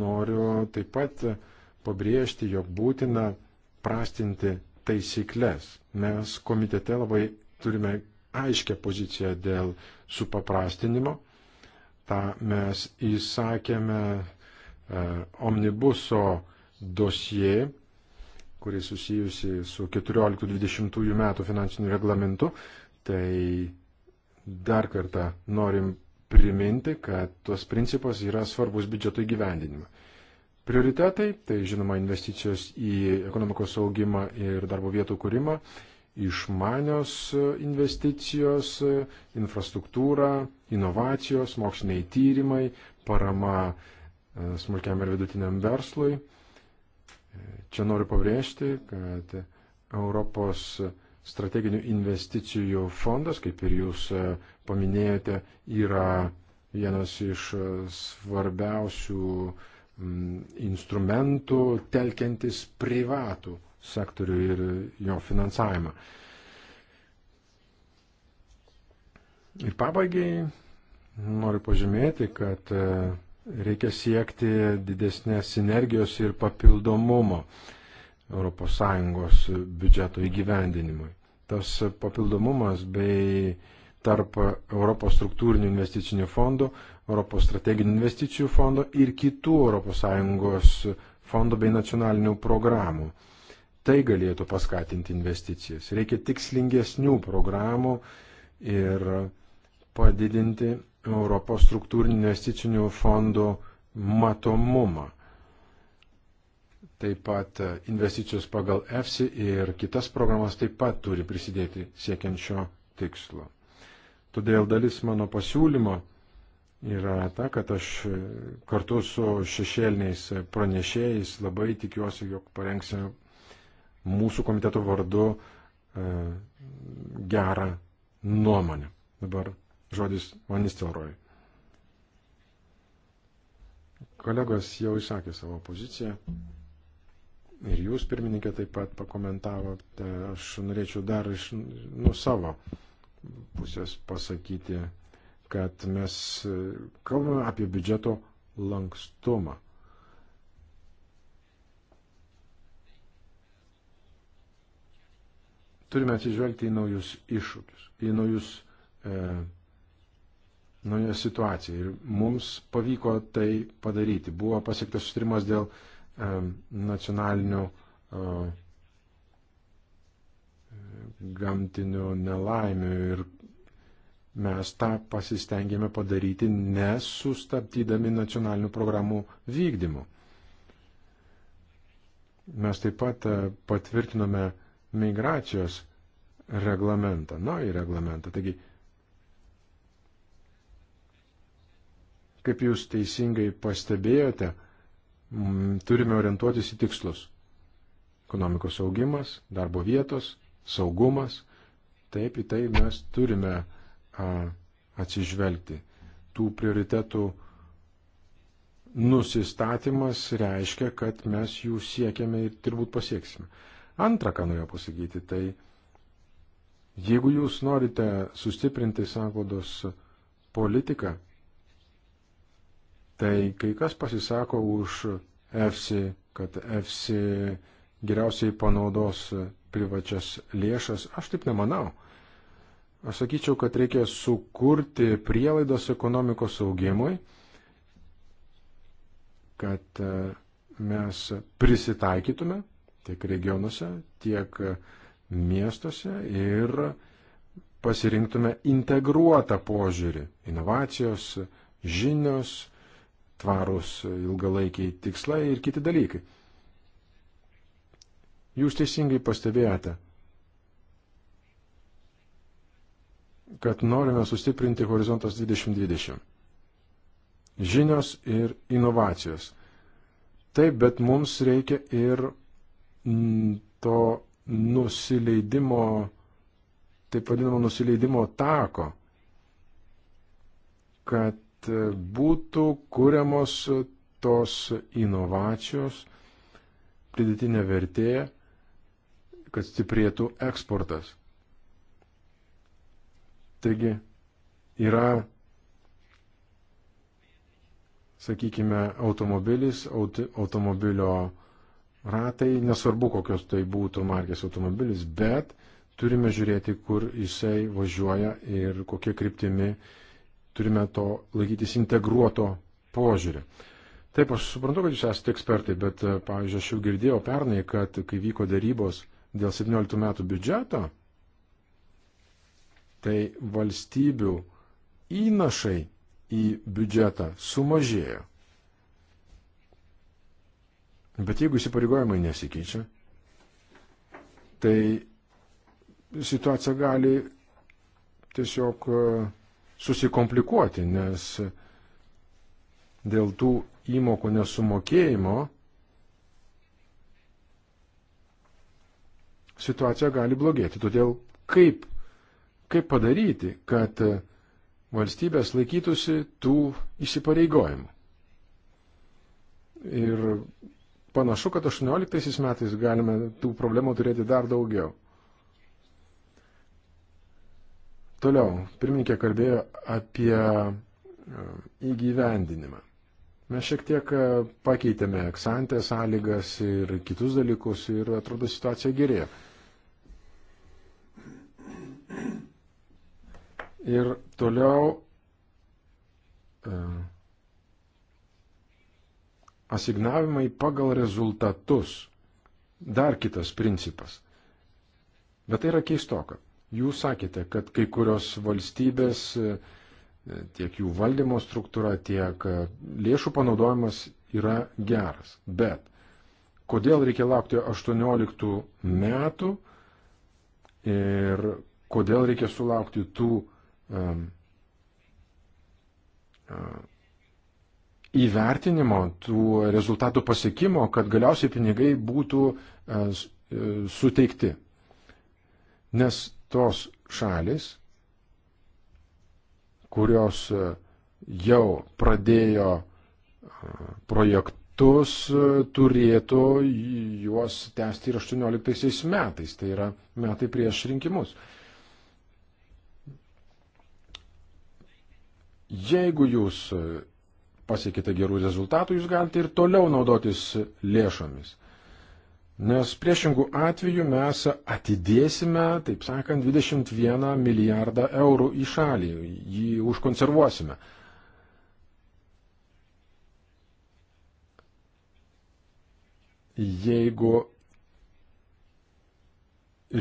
Noriu taip pat pabrėžti, jog būtina prastinti taisyklės. Mes komitete labai turime aiškę poziciją dėl supaprastinimo. Ta mes įsakėme e, omnibuso dosie kuri susijusi su 14-20 metų finansiniu reglamentu, tai dar kartą norim priminti, kad tuos principas yra svarbus biudžeto įgyvendinimą. Prioritetai - tai žinoma investicijos į ekonomikos augimą ir darbo vietų kūrimą, išmanios investicijos, infrastruktūra, inovacijos, moksliniai tyrimai, parama e, smulkiam ir vidutiniam verslui, Čia noriu pabrėžti, kad Europos strateginių investicijų fondas, kaip ir jūs e, paminėjote, yra vienas iš svarbiausių mm, instrumentų telkiantis privatų sektorių ir jo finansavimą. Ir pabaigai noriu pažymėti, kad e, reikia siekti didesnės sinergijos ir papildomumo ES biudžeto įgyvendinimui. Tas papildomumas bei tarp Europos struktūrinių investicinių fondų, Europos strateginių investicijų fondo ir kitų ES fondų bei nacionalinių programų. Tai galėtų paskatinti investicijas. Reikia tikslingesnių programų ir padidinti Europos struktūrinių investicinių fondų matomumą. Taip pat e, investicijos pagal EFSI ir kitas programas taip pat turi prisidėti siekiančio tikslo. Todėl dalis mano pasiūlymo yra ta, kad aš e, kartu su šešėliniais pranešėjais labai tikiuosi, jog parengsime mūsų komiteto vardu e, gerą nuomonę. Dabar žodis Vanistelroj. Kolegos jau išsakė savo poziciją ir jūs, pirmininkė, taip pat pakomentavote. Aš norėčiau dar iš nu, savo pusės pasakyti, kad mes e, kalbame apie biudžeto lankstumą. Turime atsižvelgti į naujus iššūkius, į naujus e, nauja situacija. Ir mums pavyko tai padaryti. Buvo pasiektas sustarimas dėl e, nacionalinių e, gamtinių nelaimių ir mes tą pasistengėme padaryti nesustabdydami nacionalinių programų vykdymų. Mes taip pat e, patvirtinome migracijos reglamentą, naują reglamentą. Taigi Kaip jūs teisingai pastebėjote, turime orientuotis į tikslus. Ekonomikos augimas, darbo vietos, saugumas. Taip, į tai mes turime atsižvelgti. Tų prioritetų nusistatymas reiškia, kad mes jų siekiame ir turbūt pasieksime. Antra, ką norėjau pasakyti, tai jeigu jūs norite sustiprinti sanglodos politiką, Tai kai kas pasisako už EFSI, kad EFSI geriausiai panaudos privačias lėšas, aš taip nemanau. Aš sakyčiau, kad reikia sukurti prielaidas ekonomikos augimui, kad e, mes prisitaikytume tiek regionuose, tiek miestuose ir pasirinktume integruotą požiūrį. Inovacijos, žinios, tvarūs ilgalaikiai tikslai ir kiti dalykai. Jūs teisingai pastebėjote, kad norime sustiprinti horizontas 2020. Žinios ir inovacijos. Taip, bet mums reikia ir mm, to nusileidimo, taip vadinamo nusileidimo tako, kad kad būtų kuriamos tos inovacijos, pridėtinė vertė, kad stiprėtų eksportas. Taigi yra, sakykime, automobilis, auti, automobilio ratai, nesvarbu kokios tai būtų markės automobilis, bet turime žiūrėti, kur jisai važiuoja ir kokie kryptimi uh, turime to laikytis integruoto požiūrio. Taip, aš suprantu, kad jūs esate ekspertai, bet, e, pavyzdžiui, aš jau girdėjau pernai, kad kai vyko darybos dėl 17 metų biudžeto, tai valstybių įnašai į biudžetą sumažėjo. Bet jeigu įsipareigojimai nesikeičia, tai situacija gali tiesiog e, susikomplikuoti, nes dėl tų įmokų nesumokėjimo situacija gali blogėti. Todėl kaip, kaip padaryti, kad valstybės laikytųsi tų įsipareigojimų. Ir panašu, kad 18 metais galime tų problemų turėti dar daugiau. Toliau, pirmininkė kalbėjo apie e, įgyvendinimą. Mes šiek tiek e, pakeitėme eksantę sąlygas ir kitus dalykus ir atrodo situacija gerėja. Ir toliau e, asignavimai pagal rezultatus. Dar kitas principas. Bet tai yra keistoka. Jūs sakėte, kad kai kurios valstybės, e, tiek jų valdymo struktūra, tiek e, lėšų panaudojimas yra geras. Bet kodėl reikia laukti 18 metų ir kodėl reikia sulaukti tų um, um, įvertinimo, tų rezultatų pasiekimo, kad galiausiai pinigai būtų e, suteikti. Nes tos šalis, kurios e, jau pradėjo e, projektus, e, turėtų juos tęsti ir 18 metais, tai yra metai prieš rinkimus. Jeigu jūs pasiekite gerų rezultatų, jūs galite ir toliau naudotis lėšomis. Nes priešingų atveju mes atidėsime, taip sakant, 21 milijardą eurų į šalį, jį užkonservuosime. Jeigu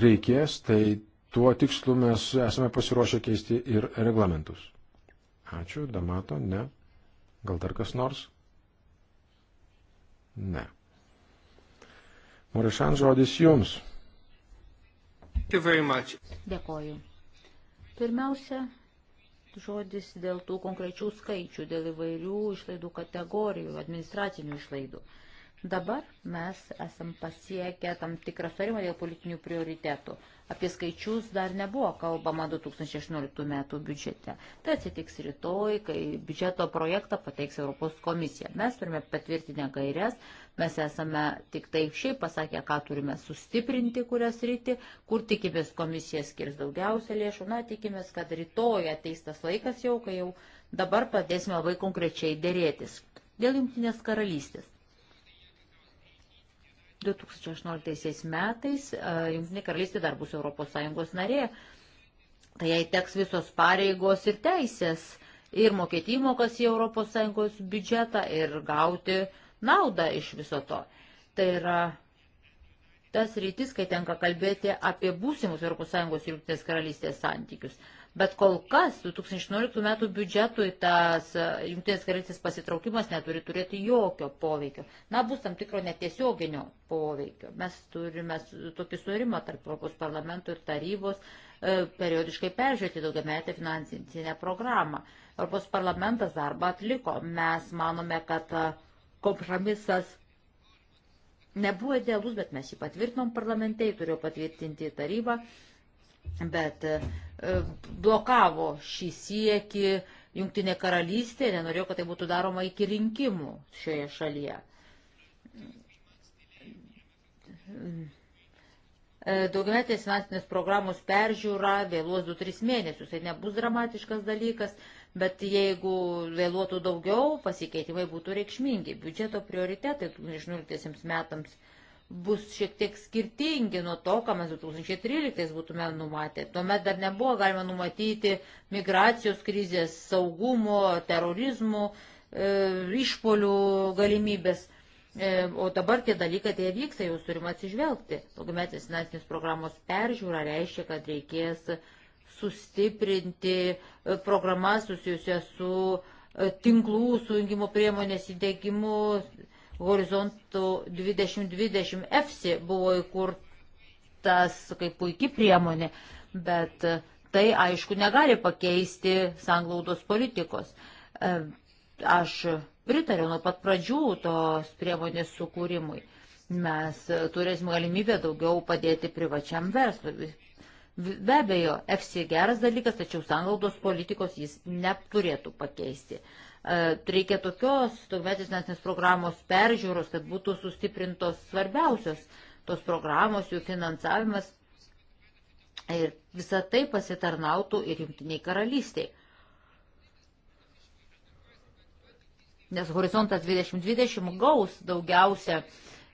reikės, tai tuo tikslu mes esame pasiruošę keisti ir reglamentus. Ačiū, Damato, ne. Gal dar kas nors? Ne. Morišan, žodis jums. Dėkoju. Pirmiausia, žodis dėl tų konkrečių skaičių, dėl įvairių išlaidų kategorijų, administracinių išlaidų. Dabar mes esam pasiekę tam tikrą sutarimą dėl politinių prioritetų. Apie skaičius dar nebuvo kalbama 2016 metų biudžete. Tai atsitiks rytoj, kai biudžeto projektą pateiks Europos komisija. Mes turime patvirtinę gairias, Mes esame tik tai šiaip pasakę, ką turime sustiprinti, kurias rytį, kur tikimės komisija skirs daugiausia lėšų. Na, tikimės, kad rytoj ateis tas laikas jau, kai jau dabar pradėsime labai konkrečiai dėrėtis. Dėl Junktinės karalystės. 2018 metais e, Junktinė karalystė dar bus ES narė, tai jai teks visos pareigos ir teisės ir mokėti įmokas į ES biudžetą ir gauti uh, naudą iš viso to. Tai yra tas rytis, kai tenka kalbėti apie būsimus ES ir Junktinės karalystės santykius. Bet kol kas 2011 metų biudžetui tas e, Junktinės karalystės pasitraukimas neturi turėti jokio poveikio. Na, bus tam tikro netiesioginio poveikio. Mes turime tokį surimą tarp Europos parlamento ir tarybos e, periodiškai peržiūrėti daugiametę finansinę programą. Europos parlamentas darbą atliko. Mes manome, kad e, kompromisas nebuvo idealus, bet mes jį patvirtinom parlamente, jį turėjo patvirtinti taryba, bet e, blokavo šį siekį Jungtinė karalystė, nenorėjo, kad tai būtų daroma iki rinkimų šioje šalyje. E, daugiametės finansinės programos peržiūra vėluos 2-3 mėnesius, tai nebus dramatiškas dalykas, bet jeigu vėluotų daugiau, pasikeitimai būtų reikšmingi. Biudžeto prioritetai 2018 metams bus šiek tiek skirtingi nuo to, ką mes 2013 būtume numatę. Tuomet dar nebuvo galima numatyti migracijos krizės, saugumo, terorizmų, e, išpolių galimybės. E, o dabar tie dalykai, tai vyksta, jūs turime atsižvelgti. Daugiametės finansinės programos peržiūra reiškia, kad reikės sustiprinti e, programas susijusias su e, tinklų sujungimo priemonės įdėgymu. Horizontų 2020 EFSI buvo įkurtas kaip puikia priemonė, bet e, tai aišku negali pakeisti sanglaudos politikos. Aš pritariu nuo pat pradžių tos priemonės sukūrimui mes turėsim galimybę daugiau padėti privačiam verslui. Be abejo, FC geras dalykas, tačiau sanglaudos politikos jis neturėtų pakeisti. E, reikia tokios, tokmetės nacinės programos peržiūros, kad būtų sustiprintos svarbiausios tos programos, jų finansavimas ir visa tai pasitarnautų ir jungtiniai karalystiai. nes horizontas 2020 gaus daugiausia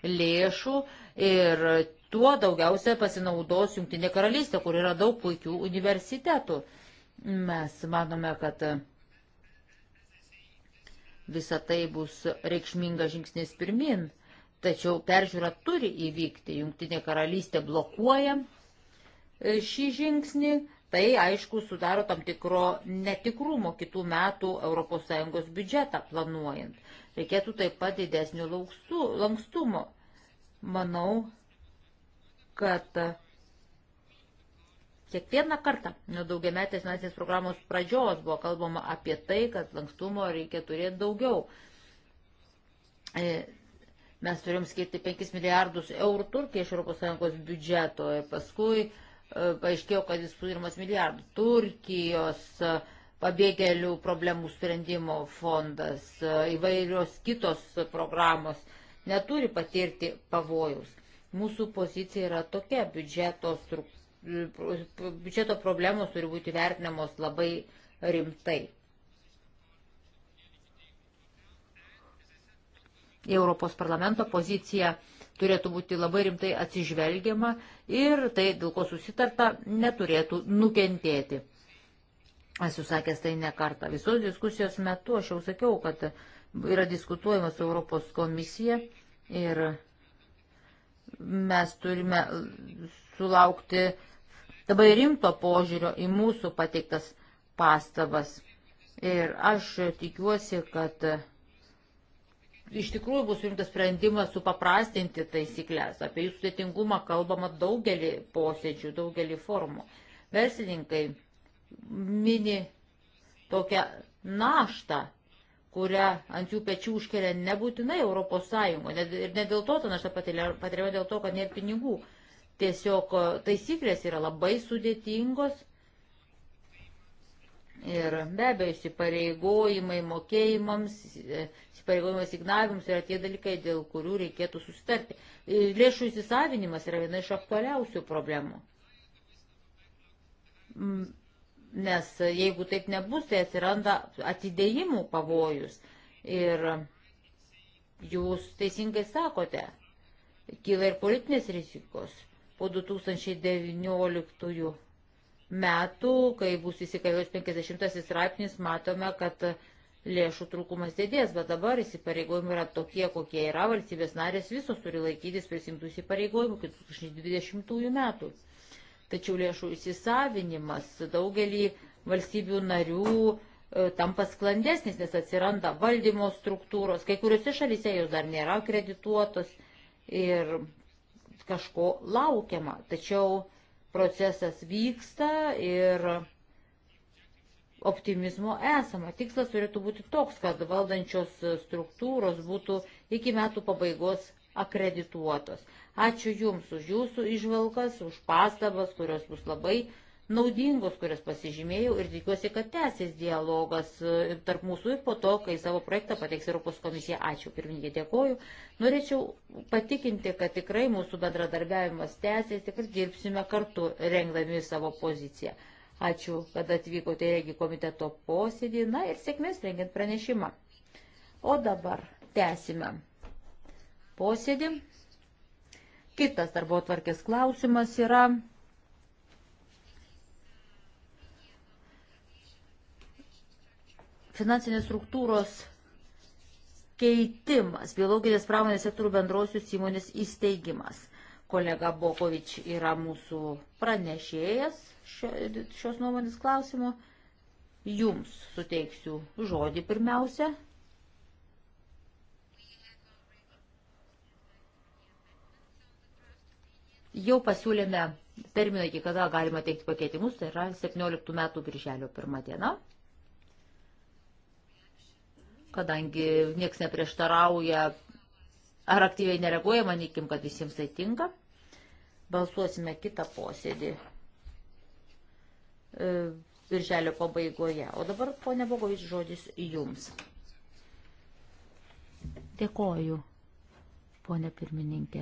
lėšų ir tuo daugiausia pasinaudos Junktinė karalystė, kur yra daug puikių universitetų. Mes manome, kad visa tai bus reikšmingas žingsnis pirmin, tačiau peržiūra turi įvykti. Junktinė karalystė blokuoja e, šį žingsnį. Tai, aišku, sudaro tam tikro netikrumo kitų metų ES biudžetą planuojant. Reikėtų taip pat didesnio lankstumo. Manau, kad kiekvieną kartą nuo daugiametės finansinės programos pradžios buvo kalbama apie tai, kad lankstumo reikia turėti daugiau. E, mes turim skirti 5 milijardus eurų Turkijai iš ES biudžeto ir paskui e, paaiškėjo, kad jis turimas milijardų. Turkijos e, pabėgėlių problemų sprendimo fondas, įvairios kitos programos neturi patirti pavojus. Mūsų pozicija yra tokia, biudžeto, stru, biudžeto problemos turi būti vertinamos labai rimtai. į Europos parlamento poziciją turėtų būti labai rimtai atsižvelgiama ir tai, dėl ko susitarta, neturėtų nukentėti. Esu sakęs tai ne kartą. Visos diskusijos metu aš jau sakiau, kad yra diskutuojama su Europos komisija ir Mes turime e, sulaukti labai rimto požiūrio į mūsų pateiktas pastabas. Ir aš tikiuosi, kad e, iš tikrųjų bus rimtas sprendimas supaprastinti taisyklės. Apie jų sudėtingumą kalbama daugelį posėdžių, daugelį formų. Verslininkai mini tokią naštą kurią ant jų pečių užkelia nebūtinai Europos Sąjunga. Net, ir ne dėl to ta našta patiriama dėl to, kad nėra pinigų. Tiesiog e, taisyklės yra labai sudėtingos. Ir be abejo, įsipareigojimai mokėjimams, e, įsipareigojimai signavimams yra tie dalykai, dėl kurių reikėtų susitarti. E, lėšų įsisavinimas yra viena iš aktualiausių problemų. Mm, nes jeigu taip nebus, tai atsiranda atidėjimų pavojus. Ir jūs teisingai sakote, kyla ir politinės rizikos. Po 2019 metų, kai bus įsikalios 50 straipsnis, matome, kad lėšų trūkumas didės, bet dabar įsipareigojimai yra tokie, kokie yra, valstybės narės visos turi laikytis prisimtų įsipareigojimų iki 2020 metų. Tačiau lėšų įsisavinimas daugelį valstybių narių e, tampa sklandesnis, nes atsiranda valdymo struktūros, kai kuriuose šalyse jos dar nėra kredituotos ir kažko laukiama. Tačiau procesas vyksta ir optimizmo esama. Tikslas turėtų būti toks, kad valdančios struktūros būtų iki metų pabaigos akredituotos. Ačiū Jums už Jūsų išvalgas, už pastabas, kurios bus labai naudingos, kurias pasižymėjau ir tikiuosi, kad tęsis dialogas e, tarp mūsų ir po to, kai savo projektą pateiks Europos komisija. Ačiū, pirmininkė, dėkoju. Norėčiau patikinti, kad tikrai mūsų bendradarbiavimas tęsis, tikrai dirbsime kartu, rengdami savo poziciją. Ačiū, kad atvykote į regi komiteto posėdį. Na ir sėkmės rengiant pranešimą. O dabar tęsime posėdį. Kitas darbo tvarkės klausimas yra finansinės struktūros keitimas, biologinės pramonės sektorių bendrosios įmonės įsteigimas. Kolega Bokovič yra mūsų pranešėjas šios nuomonės klausimu. Jums suteiksiu žodį pirmiausia. Jau pasiūlėme terminą, iki kada galima teikti pakeitimus, tai yra 17 metų birželio pirmą dieną. Kadangi nieks neprieštarauja ar aktyviai nereaguoja, manykim, kad visiems tai tinka. Balsuosime kitą posėdį e, birželio pabaigoje. O dabar, ponė Bogovič, žodis jums. Dėkoju, ponė pirmininkė.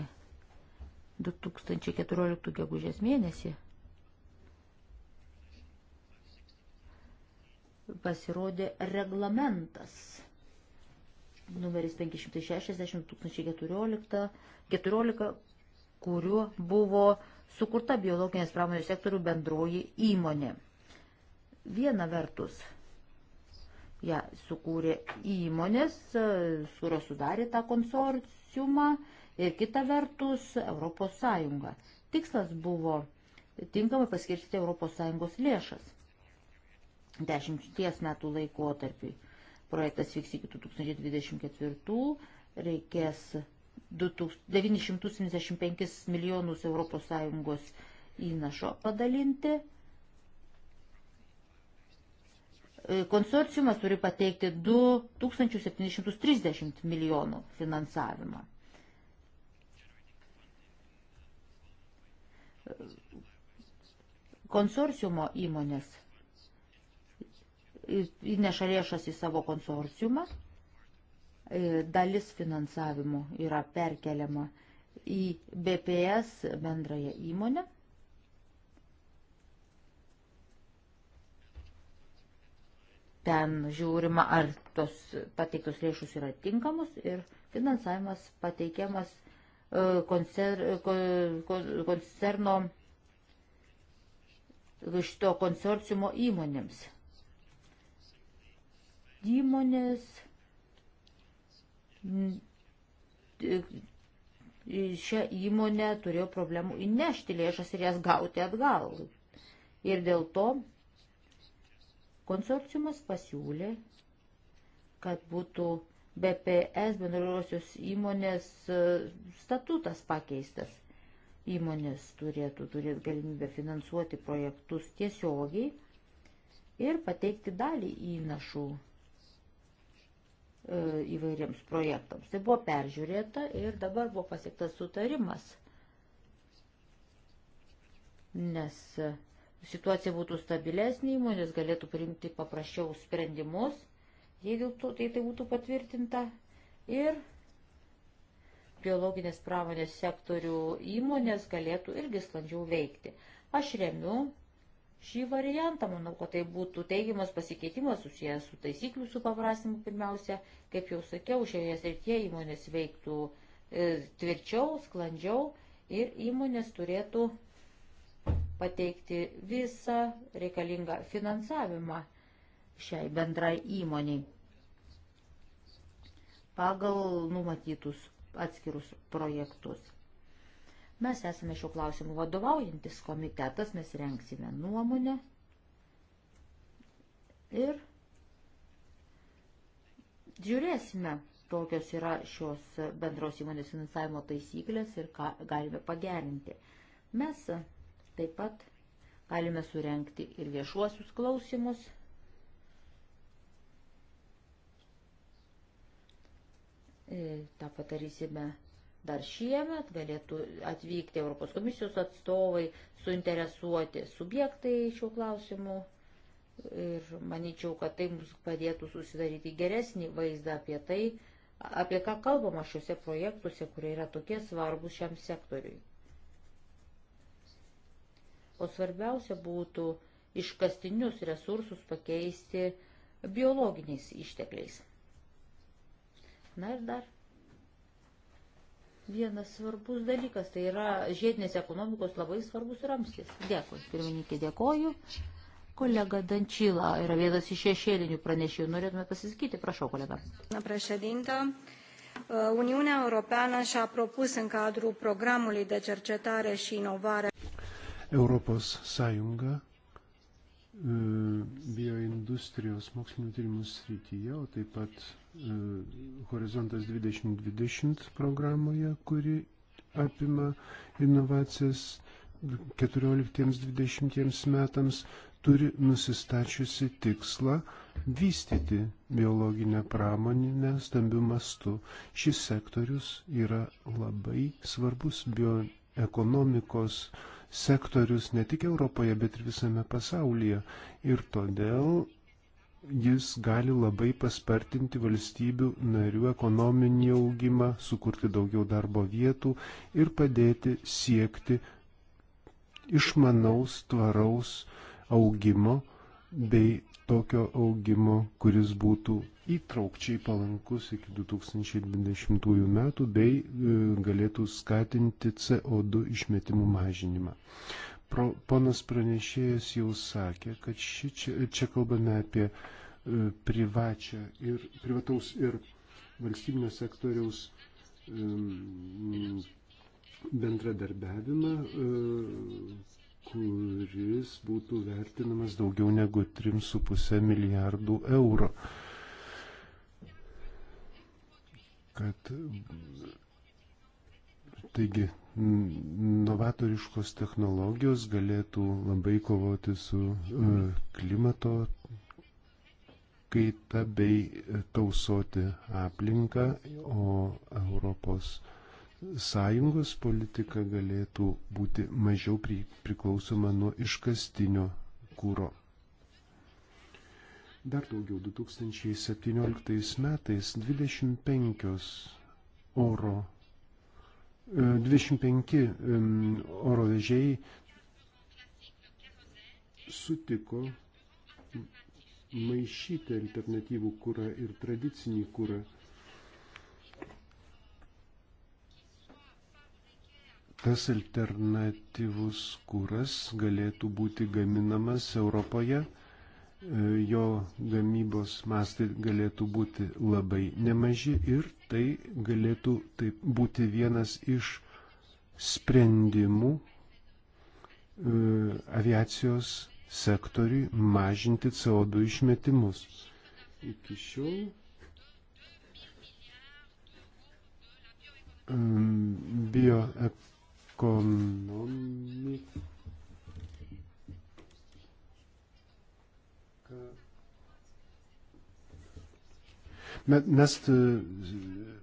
2014 gegužės mėnesį pasirodė reglamentas numeris 560-2014, kuriuo buvo sukurta biologinės pramonės sektorių bendroji įmonė. Viena vertus, ją ja, sukūrė įmonės, kurios sudarė tą konsorciumą ir kita vertus Europos Sąjunga. Tikslas buvo tinkamai paskirstyti Europos Sąjungos lėšas dešimties metų laikotarpiui. Projektas vyks iki 2024, reikės 975 milijonus Europos Sąjungos įnašo padalinti. E, konsorciumas turi pateikti 2730 milijonų finansavimą. konsorciumo įmonės įneša lėšas į savo konsorciumą, dalis finansavimo yra perkeliama į BPS bendrąją įmonę. Ten žiūrima, ar tos pateiktos lėšus yra tinkamos ir finansavimas pateikiamas koncer, koncerno šito konsorciumo įmonėms. Įmonės šią įmonę turėjo problemų įnešti lėšas ir jas gauti atgal. Ir dėl to konsorciumas pasiūlė, kad būtų BPS bendrosios įmonės e, statutas pakeistas. Įmonės turėtų turėti galimybę finansuoti projektus tiesiogiai ir pateikti dalį įnašų e, įvairiems projektams. Tai buvo peržiūrėta ir dabar buvo pasiektas sutarimas, nes situacija būtų stabilesnė, įmonės galėtų priimti paprasčiau sprendimus jei dėl to tai, tai būtų patvirtinta. Ir biologinės pramonės sektorių įmonės galėtų irgi sklandžiau veikti. Aš remiu šį variantą, manau, kad tai būtų teigiamas pasikeitimas susijęs su taisyklių supaprastinimu pirmiausia, kaip jau sakiau, šioje srityje įmonės veiktų e, tvirčiau, sklandžiau ir įmonės turėtų pateikti visą reikalingą finansavimą šiai bendrai įmoniai pagal numatytus atskirus projektus. Mes esame šiuo klausimu vadovaujantis komitetas, mes renksime nuomonę ir žiūrėsime, kokios yra šios bendros įmonės finansavimo taisyklės ir ką galime pagerinti. Mes taip pat galime surenkti ir viešuosius klausimus E, tą patarysime dar šiemet, galėtų atvykti Europos komisijos atstovai, suinteresuoti subjektai šiuo klausimu. Ir manyčiau, kad tai mums padėtų susidaryti geresnį vaizdą apie tai, apie ką kalbama šiuose projektuose, kurie yra tokie svarbus šiam sektoriui. O svarbiausia būtų iškastinius resursus pakeisti biologiniais ištekliais. Na ir dar vienas svarbus dalykas, tai yra žiedinės ekonomikos labai svarbus ramstis. Dėkui, pirmininkė, dėkoju. Kolega Dančila yra vienas iš šešėlinių pranešėjų. Norėtume pasisakyti, prašau, kolega. Na, prašedinta. Uniunea Europeană și-a propus în cadrul programului de cercetare și inovare. Europos Sąjunga E, bioindustrijos mokslinių tyrimų srityje, o taip pat e, Horizontas 2020 programoje, kuri apima inovacijas 14-20 metams, turi nusistačiusi tikslą vystyti biologinę pramoninę stambių mastų. Šis sektorius yra labai svarbus bioekonomikos uh, sektorius ne tik Europoje, bet ir visame pasaulyje. Ir todėl jis gali labai paspartinti valstybių narių ekonominį augimą, sukurti daugiau darbo vietų ir padėti siekti išmanaus, tvaraus augimo bei tokio augimo, kuris būtų įtraukčiai palankus iki 2020 metų bei e, galėtų skatinti CO2 išmetimų mažinimą. Pro, ponas pranešėjas jau sakė, kad ši, čia, čia kalbame apie e, privačią ir privataus ir valstybinio sektoriaus bendradarbiavimą, e, kuris būtų vertinamas daugiau negu 3,5 milijardų eurų. Kad, taigi, novatoriškos technologijos galėtų labai kovoti su e, klimato kaita bei tausoti aplinką, o Europos sąjungos politika galėtų būti mažiau priklausoma nuo iškastinio kūro. Dar daugiau 2017 metais 25 oro 25 e, oro vežėjai sutiko maišyti alternatyvų kūrą ir tradicinį kūrą tas alternatyvus kūras galėtų būti gaminamas Europoje, e, jo gamybos mastai galėtų būti labai nemaži ir tai galėtų taip būti vienas iš sprendimų e, aviacijos sektoriui mažinti CO2 išmetimus. Iki šiol e, bioekonomika ekonomika. Mes e,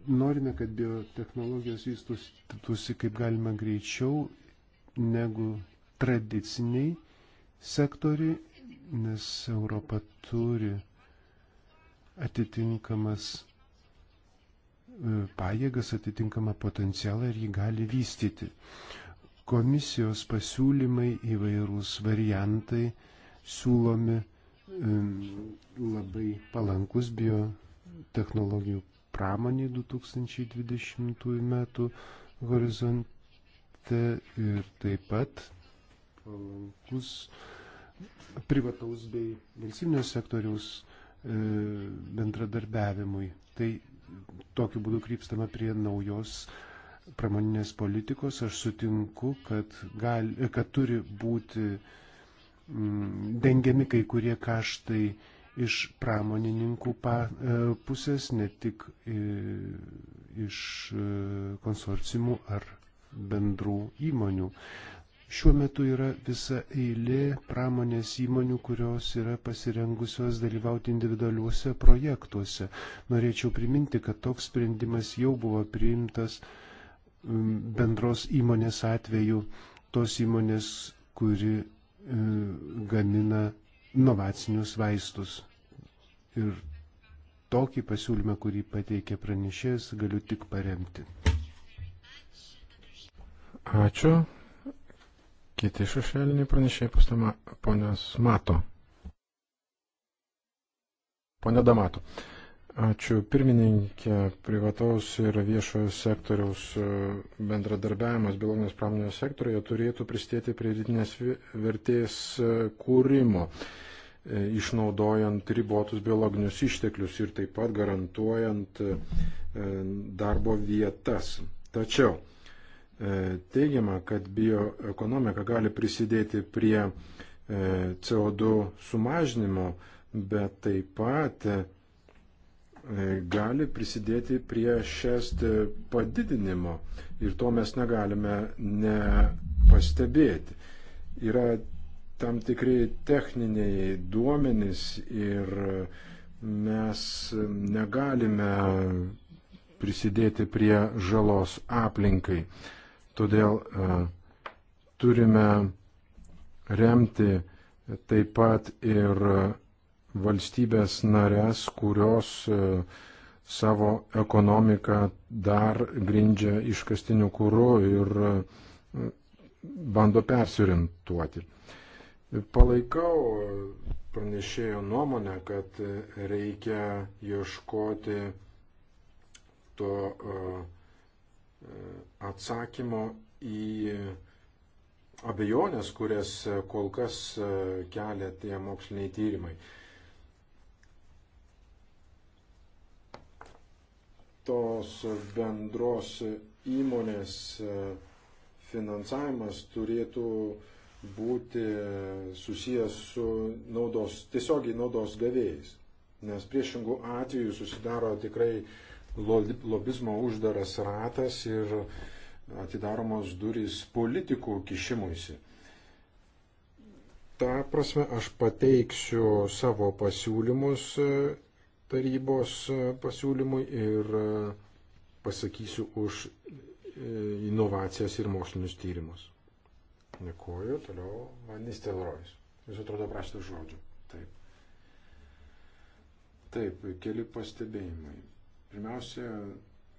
norime, kad biotehnologijos vystųsi kaip galima greičiau negu tradiciniai sektoriai, nes Europa turi atitinkamas E, pajėgas, atitinkamą potencialą ir jį gali vystyti. Komisijos pasiūlymai įvairūs variantai siūlomi e, labai palankus biotehnologijų pramonį 2020 metų horizonte ir taip pat palankus privataus bei valstybinio sektoriaus e, bendradarbiavimui. Tai tokiu būdu krypstama prie naujos pramoninės politikos. Aš sutinku, kad, gal, kad turi būti mm, dengiami kai kurie kaštai iš pramonininkų e, pusės, ne tik e, iš e, konsorcimų ar bendrų įmonių. Šiuo metu yra visa eilė pramonės įmonių, kurios yra pasirengusios dalyvauti individualiuose projektuose. Norėčiau priminti, kad toks sprendimas jau buvo priimtas mm, bendros įmonės atveju, tos įmonės, kuri e, gamina inovacinius vaistus. Ir tokį pasiūlymą, kurį pateikė pranešėjas, galiu tik paremti. Ačiū. Kiti šešėliniai pranešėjai pastama ponios Mato. Pone Damato. Ačiū pirmininkė. Privataus ir viešojo sektoriaus e, bendradarbiavimas biologinės pramonės sektorioje turėtų pristėti prie didinės vertės e, kūrimo, e, išnaudojant ribotus biologinius išteklius ir taip pat garantuojant darbo vietas. Tačiau E, teigiama, kad bioekonomika gali prisidėti prie e, CO2 sumažinimo, bet taip pat e, gali prisidėti prie šest padidinimo ir to mes negalime nepastebėti. Yra tam tikri techniniai duomenys ir mes negalime prisidėti prie žalos aplinkai. Todėl e, turime remti taip pat ir valstybės narės, kurios e, savo ekonomiką dar grindžia iškastiniu kūru ir e, bando persiorientuoti. Palaikau pranešėjo nuomonę, kad reikia ieškoti to uh, atsakymo į abejonės, kurias kol kas e, kelia tie moksliniai tyrimai. Tos bendros įmonės e, finansavimas turėtų būti susijęs su naudos, tiesiogiai naudos gavėjais. Nes priešingų atveju susidaro tikrai uh, lobizmo uždaras ratas ir atidaromos durys politikų kišimuisi. Ta prasme, aš pateiksiu savo pasiūlymus e, tarybos e, pasiūlymui ir e, pasakysiu už inovacijas ir mokslinius tyrimus. Dėkuoju, toliau Vandis Telrojus. Jūs atrodo prašyti žodžių. Taip. Taip, keli pastebėjimai. Pirmiausia,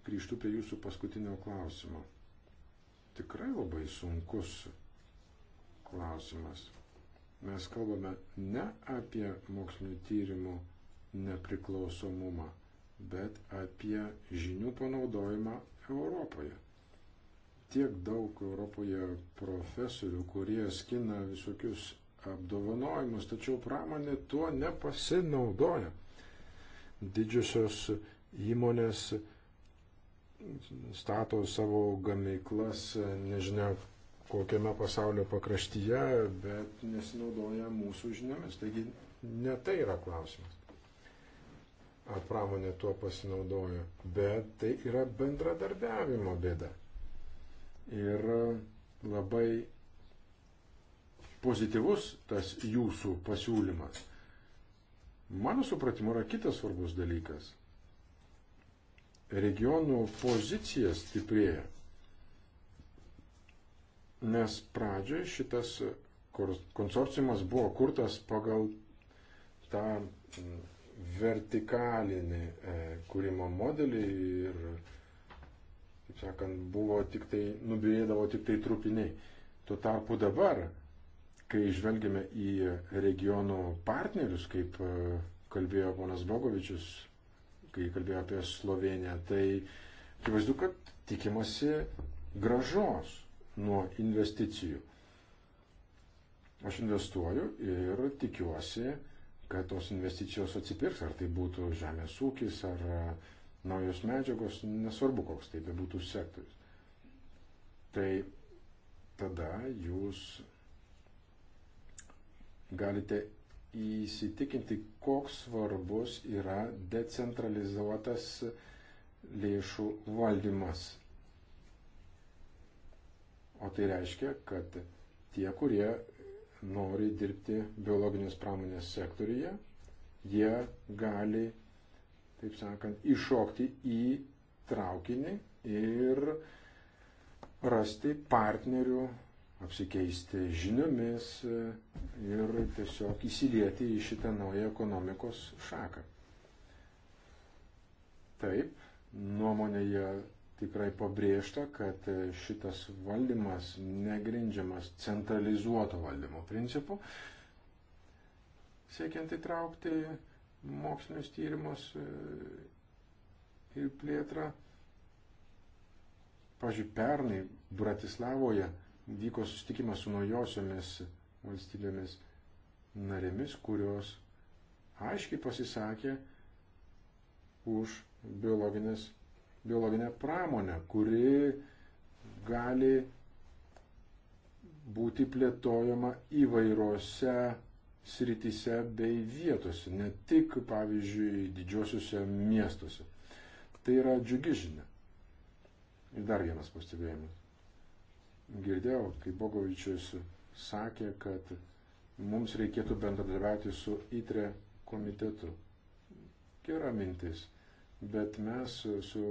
grįžtu prie jūsų paskutinio klausimo. Tikrai labai sunkus klausimas. Mes kalbame ne apie mokslinių tyrimų nepriklausomumą, bet apie žinių panaudojimą Europoje. Tiek daug Europoje profesorių, kurie skina visokius apdovanojimus, tačiau pramonė tuo nepasinaudoja. Didžiosios Įmonės stato savo gamyklas, nežinia, kokiame pasaulio pakraštyje, bet nesinaudoja mūsų žiniomis. Taigi ne tai yra klausimas. Ar pramonė tuo pasinaudoja, bet tai yra bendradarbiavimo bėda. Ir labai pozityvus tas jūsų pasiūlymas. Mano supratimu yra kitas svarbus dalykas regionų pozicija stiprėja. Nes pradžioje šitas konsorciumas buvo kurtas pagal tą mm, vertikalinį e, kūrimo modelį ir, kaip sakant, buvo tik tai, nubirėdavo tik tai trupiniai. Tuo tarpu dabar, kai žvelgiame į regionų partnerius, kaip e, kalbėjo ponas Bogovičius, kai kalbėjo apie Sloveniją, tai akivaizdu, kad tikimasi gražos nuo investicijų. Aš investuoju ir tikiuosi, kad tos investicijos atsipirks, ar tai būtų žemės ūkis, ar e, naujos medžiagos, nesvarbu koks tai bebūtų sektorius. Tai tada jūs galite įsitikinti, koks svarbus yra decentralizuotas lėšų valdymas. O tai reiškia, kad tie, kurie nori dirbti biologinės pramonės sektoriuje, jie gali, taip sakant, iššokti į traukinį ir rasti partnerių apsikeisti žiniomis e, ir tiesiog įsilieti į šitą naują ekonomikos šaką. Taip, nuomonėje tikrai pabrėžta, kad e, šitas valdymas negrindžiamas centralizuoto valdymo principu, siekiant įtraukti mokslinius tyrimus e, ir plėtrą. Pavyzdžiui, pernai Bratislavoje vyko susitikimas su naujosiomis valstybėmis narėmis, kurios aiškiai pasisakė už biologinę pramonę, kuri gali būti plėtojama įvairiose sritise bei vietose, ne tik, pavyzdžiui, didžiosiuose miestuose. Tai yra džiugi žinia. Ir dar vienas pastebėjimas girdėjau, kai Bogovičius sakė, kad mums reikėtų bendradarbiauti su ITRE komitetu. Gera mintis, bet mes su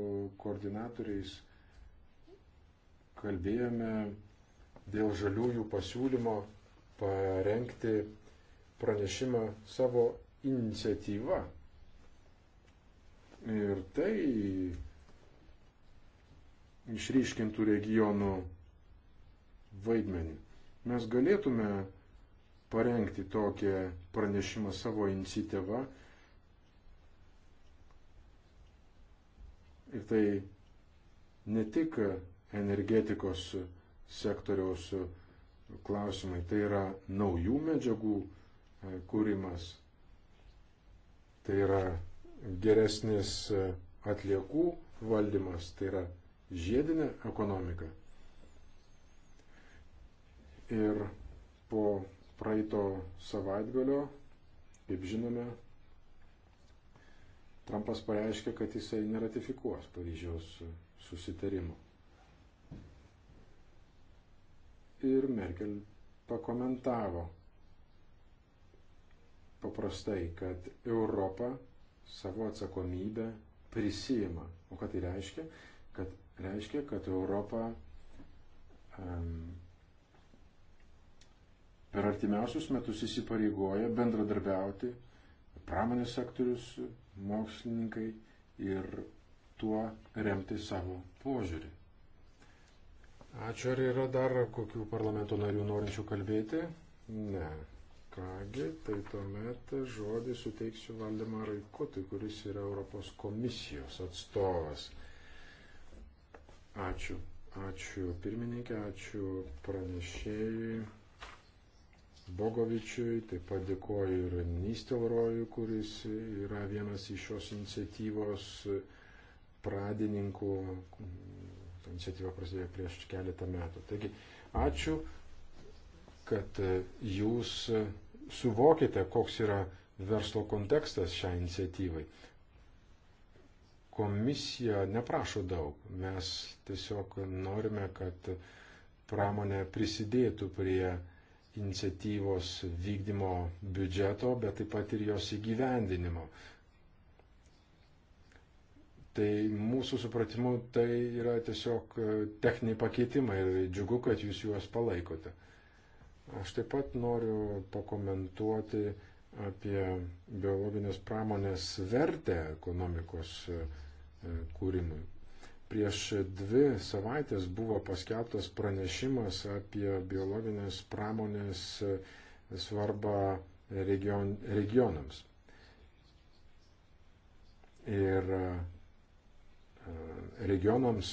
koordinatoriais kalbėjome dėl žaliųjų pasiūlymo parengti pranešimą savo iniciatyvą. Ir tai išryškintų regionų vaidmenį. Mes galėtume parengti tokią pranešimą savo iniciatyvą ir tai ne tik energetikos sektoriaus klausimai, tai yra naujų medžiagų e, kūrimas, tai yra geresnis e, atliekų valdymas, tai yra žiedinė ekonomika. Ir po praeito savaitgalio, kaip žinome, Trumpas pareiškė, kad jisai neratifikuos Paryžiaus susitarimo. Ir Merkel pakomentavo paprastai, kad Europa savo atsakomybę prisijima. O ką tai reiškia? Kad reiškia, kad Europa um, per artimiausius metus įsipareigoja bendradarbiauti pramonės sektorius, mokslininkai ir tuo remti savo požiūrį. Ačiū, ar yra dar kokių parlamento narių norinčių kalbėti? Ne. Kągi, tai tuomet žodį suteiksiu Valdemarui Kutui, kuris yra Europos komisijos atstovas. Ačiū. Ačiū pirmininkė, ačiū pranešėjai. Bogovičiui, taip pat dėkoju ir Nistelrojui, kuris yra vienas iš šios iniciatyvos pradininkų. Iniciatyva prasidėjo prieš keletą metų. Taigi, ačiū, kad jūs suvokite, koks yra verslo kontekstas šią iniciatyvai. Komisija neprašo daug, mes tiesiog norime, kad pramonė prisidėtų prie iniciatyvos vykdymo biudžeto, bet taip pat ir jos įgyvendinimo. Tai mūsų supratimu tai yra tiesiog e, techniniai pakeitimai ir džiugu, kad jūs juos palaikote. Aš taip pat noriu pakomentuoti apie biologinės pramonės vertę ekonomikos e, kūrimui. Prieš dvi savaitės buvo paskelbtas pranešimas apie biologinės pramonės svarbą region, regionams. Ir e, regionams,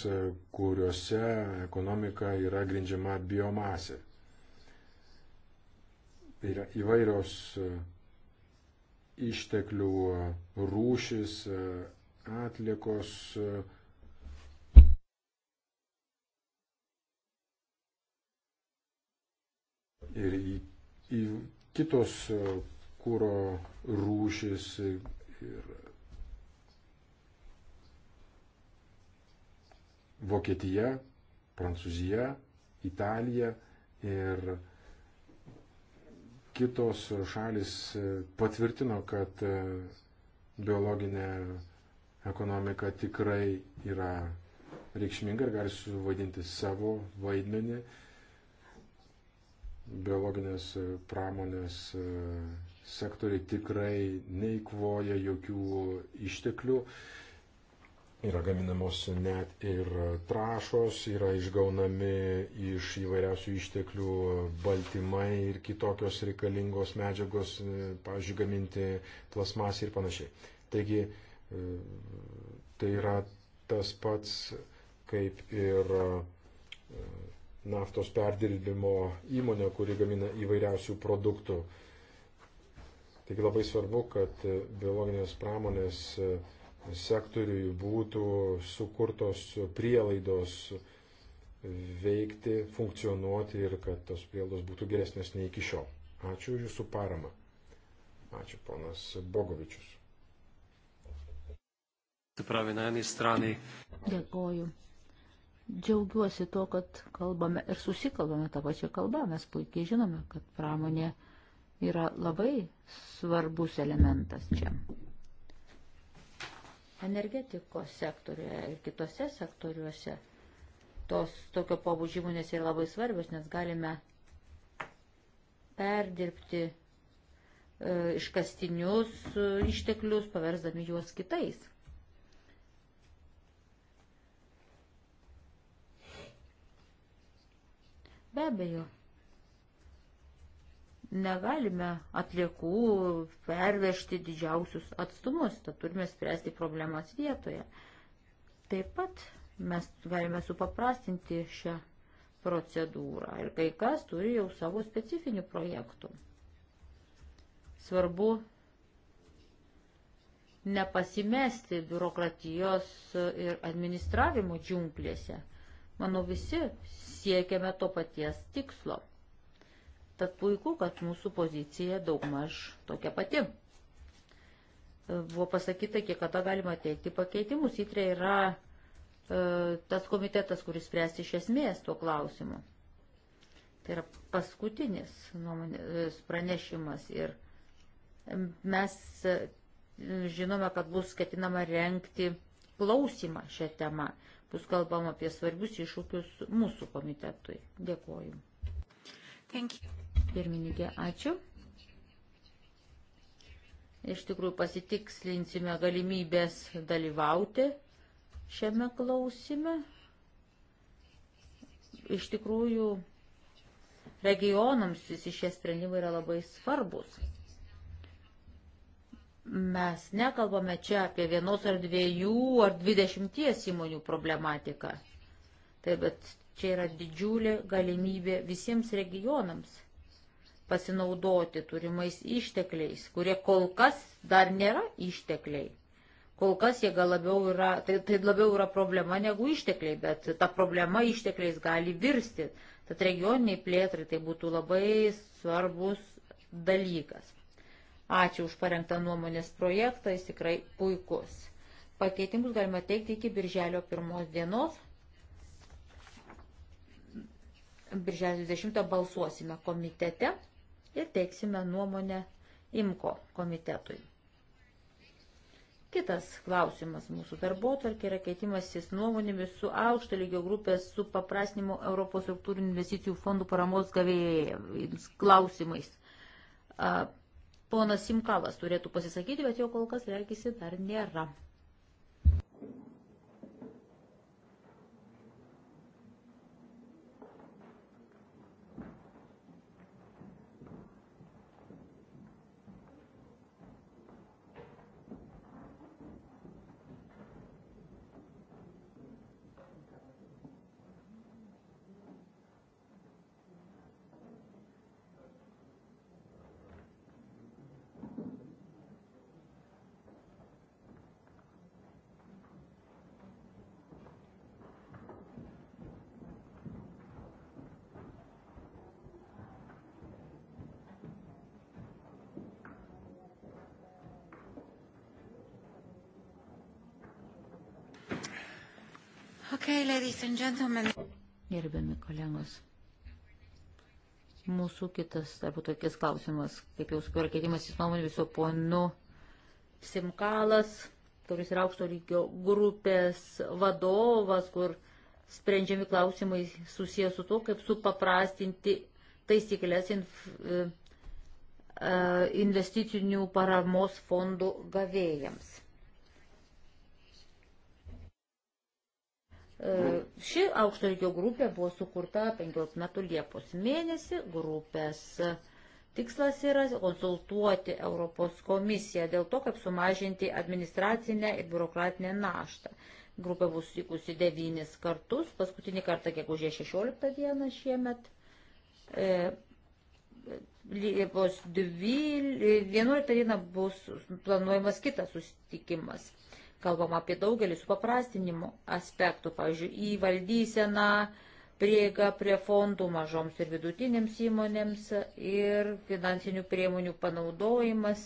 kuriuose ekonomika yra grindžiama biomasė. Tai yra įvairios e, išteklių e, rūšis, atlikos, ir į, į kitos e, kūro rūšis ir Vokietija, Prancūzija, Italija ir kitos šalis e, patvirtino, kad e, biologinė ekonomika tikrai yra reikšminga ir gali suvaidinti savo vaidmenį biologinės e, pramonės e, sektoriai tikrai neįkvoja jokių išteklių. Yra gaminamos net ir trašos, yra išgaunami iš įvairiausių išteklių baltymai ir kitokios reikalingos medžiagos, e, pavyzdžiui, gaminti plasmasį ir panašiai. Taigi tai yra tas pats kaip ir naftos perdirbimo įmonę, kuri gamina įvairiausių produktų. Taigi labai svarbu, kad biologinės pramonės sektoriui būtų sukurtos prielaidos veikti, funkcionuoti ir kad tos prielaidos būtų geresnės nei iki šiol. Ačiū Jūsų paramą. Ačiū ponas Bogovičius. Dėkoju. Džiaugiuosi tuo, kad kalbame ir susikalbame tą pačią kalbą. Mes puikiai žinome, kad pramonė yra labai svarbus elementas čia. Energetikos sektoriuje ir kitose sektoriuose tos tokio pobūdžio įmonės yra labai svarbios, nes galime perdirbti e, iškastinius e, išteklius, paversdami juos kitais. Be abejo, negalime atliekų pervežti didžiausius atstumus, tad turime spręsti problemas vietoje. Taip pat mes galime supaprastinti šią procedūrą ir kai kas turi jau savo specifinių projektų. Svarbu nepasimesti biurokratijos ir administravimo džiunglėse. Manau, visi siekiame to paties tikslo. Tad puiku, kad mūsų pozicija daugmaž tokia pati. E, buvo pasakyta, kiek kada galima teikti pakeitimus. Įtrė yra e, tas komitetas, kuris spręs iš esmės tuo klausimu. Tai yra paskutinis nuomonės e, pranešimas ir e, mes žinome, kad bus ketinama renkti klausimą šią temą bus kalbama apie svarbius iššūkius mūsų komitetui. Dėkuoju. Pirmininkė, ačiū. Iš tikrųjų pasitikslinsime galimybės dalyvauti šiame klausime. Iš tikrųjų, regionams visi šie sprendimai yra labai svarbus. Mes nekalbame čia apie vienos ar dviejų ar dvidešimties įmonių problematiką. Taip, bet čia yra didžiulė galimybė visiems regionams pasinaudoti turimais ištekliais, kurie kol kas dar nėra ištekliai. Kol kas jie gal labiau yra, tai, tai labiau yra problema negu ištekliai, bet ta problema ištekliais gali virsti. Tad regioniniai plėtrai tai būtų labai svarbus dalykas. Ačiū už parengtą nuomonės projektą, jis tikrai puikus. Pakeitimus galima teikti iki birželio pirmos dienos. Birželio 20 balsuosime komitete ir teiksime nuomonę IMKO komitetui. Kitas klausimas mūsų darbotvarkė yra keitimasis nuomonėmis su aukšto lygio grupės su paprasnimo Europos struktūrinių investicijų fondų paramos gavėjams klausimais. Ponas Simkavas turėtų pasisakyti, bet jo kol kas reikisi dar nėra. Okay, ladies and gentlemen. Gerbiami kolegos. Mūsų kitas, arba tokias klausimas, kaip jau skuria keitimas į nuomonį viso ponu Simkalas, kuris yra aukšto lygio grupės vadovas, kur sprendžiami klausimai susijęs su to, kaip supaprastinti taisyklės inf, e, e, investicinių paramos fondų gavėjams. E, ši aukšto lygio grupė buvo sukurta 15 metų Liepos mėnesį grupės. Tikslas yra konsultuoti Europos komisiją dėl to, kaip sumažinti administracinę ir biurokratinę naštą. Grupė bus sutikusi devynis kartus, paskutinį kartą gegužė 16 dieną šiemet. E, Liepos 11 dieną bus planuojamas kitas susitikimas. Kalbam apie daugelį supaprastinimų aspektų, pavyzdžiui, į valdyseną, prieiga prie fondų mažoms ir vidutinėms įmonėms ir finansinių priemonių panaudojimas.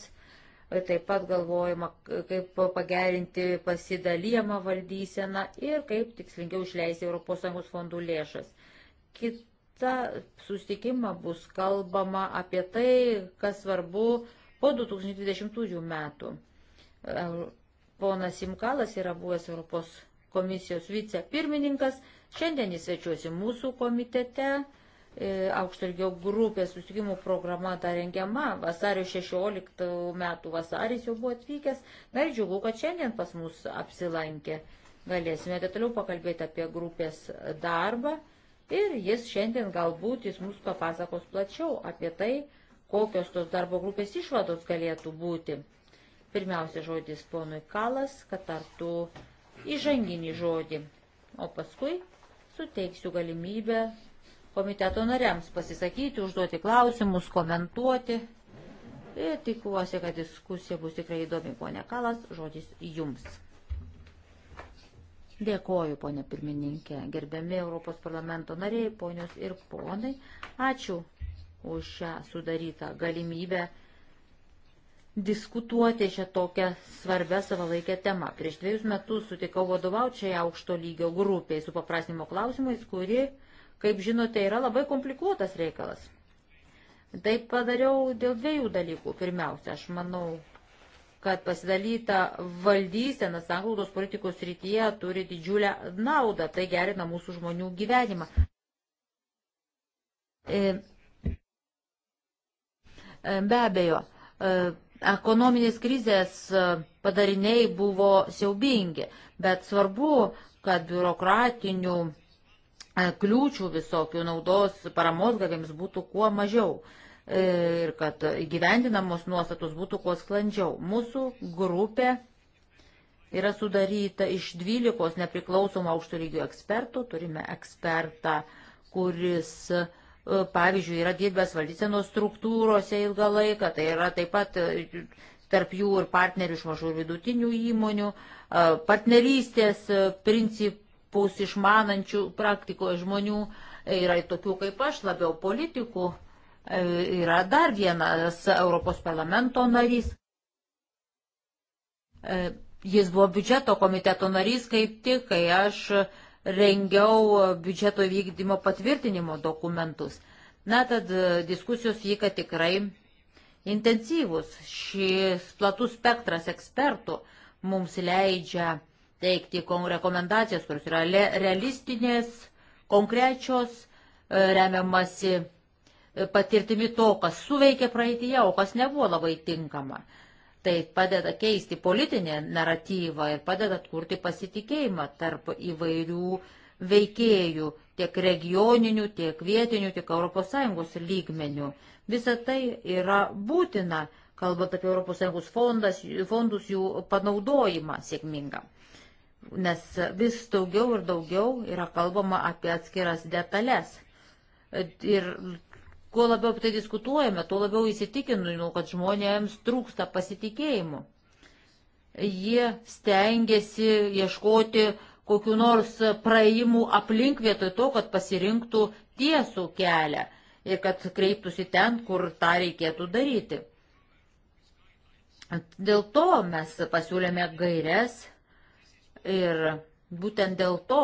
Taip pat galvojama, kaip pagerinti pasidalijamą valdyseną ir kaip tikslingiau išleisti ES fondų lėšas. Kita sustikima bus kalbama apie tai, kas svarbu po 2020 metų. Ponas Simkalas yra buvęs Europos komisijos vicepirmininkas. Šiandien jis svečiuosi mūsų komitete. E, Aukštargio grupės susitikimų programa ta rengiama. Vasario 16 metų vasaris jau buvo atvykęs. Na ir džiugu, kad šiandien pas mus apsilankė. Galėsime detaliau pakalbėti apie grupės darbą. Ir jis šiandien galbūt jis mums papasakos plačiau apie tai, kokios tos darbo grupės išvados galėtų būti. Pirmiausia žodis ponui Kalas, kad tartų įžanginį žodį, o paskui suteiksiu galimybę komiteto nariams pasisakyti, užduoti klausimus, komentuoti. Ir tikiuosi, kad diskusija bus tikrai įdomi. Pone Kalas, žodis jums. Dėkoju, ponė pirmininkė, gerbiami Europos parlamento nariai, ponios ir ponai. Ačiū už šią sudarytą galimybę diskutuoti šią tokią svarbę savalaikę temą. Prieš dviejus metus sutikau vadovaučiai aukšto lygio grupiai su paprasnimo klausimais, kuri, kaip žinote, yra labai komplikuotas reikalas. Tai padariau dėl dviejų dalykų. Pirmiausia, aš manau, kad pasidalyta valdysena sanglaudos politikos rytyje turi didžiulę naudą, tai gerina mūsų žmonių gyvenimą. E, e be abejo, e, ekonominės krizės e, padariniai buvo siaubingi, bet svarbu, kad biurokratinių e, kliūčių visokių naudos paramos gavėms būtų kuo mažiau e, ir kad įgyvendinamos nuostatos būtų kuo sklandžiau. Mūsų grupė yra sudaryta iš 12 nepriklausomų aukšto lygio ekspertų. Turime ekspertą, kuris uh, E, pavyzdžiui, yra dirbęs valdysenos struktūrose ilgą laiką, tai yra taip pat e, tarp jų ir partnerių iš mažų ir vidutinių įmonių, e, partnerystės principus išmanančių praktikoje žmonių, yra tokių kaip aš, labiau politikų, yra dar vienas Europos parlamento narys. Jis buvo biudžeto komiteto narys kaip tik, kai aš rengiau biudžeto vykdymo patvirtinimo dokumentus. Na, tad diskusijos vyka tikrai intensyvus. Šis platus spektras ekspertų mums leidžia teikti rekomendacijas, kurios yra realistinės, konkrečios, e, remiamasi e, patirtimi to, kas suveikė praeitįje, o kas nebuvo labai tinkama. Tai padeda keisti politinę naratyvą ir padeda atkurti pasitikėjimą tarp įvairių veikėjų, tiek regioninių, tiek vietinių, tiek ES lygmenių. Visa tai yra būtina, kalbant apie ES fondas, fondus, jų panaudojimą sėkmingą. Nes vis daugiau ir daugiau yra kalbama apie atskiras detalės. Ir Kuo labiau apie tai diskutuojame, tuo labiau įsitikinu, kad žmonėms trūksta pasitikėjimo. Jie stengiasi ieškoti kokiu nors praėjimų aplink vietoj to, kad pasirinktų tiesų kelią ir kad kreiptųsi ten, kur tą reikėtų daryti. Dėl to mes pasiūlėme gairias ir būtent dėl to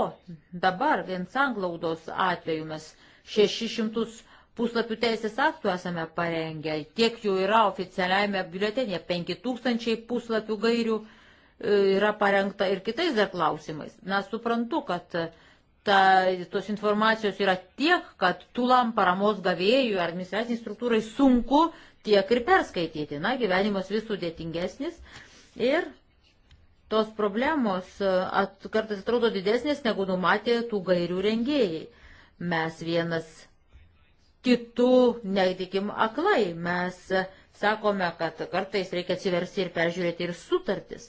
dabar vien sanglaudos atveju mes 600 puslapių teisės aktų esame parengę, tiek jų yra oficialiajame biuletenėje, 5000 puslapių gairių e, yra parengta ir kitais dar klausimais. Mes suprantu, kad e, ta, tos informacijos yra tiek, kad tulam paramos gavėjų ar administraciniai struktūrai sunku tiek ir perskaityti. Na, gyvenimas vis sudėtingesnis ir tos problemos e, at, kartais atrodo didesnės, negu numatė tų gairių rengėjai. Mes vienas kitų netikim aklai. Mes sakome, kad kartais reikia atsiversti ir peržiūrėti ir sutartis.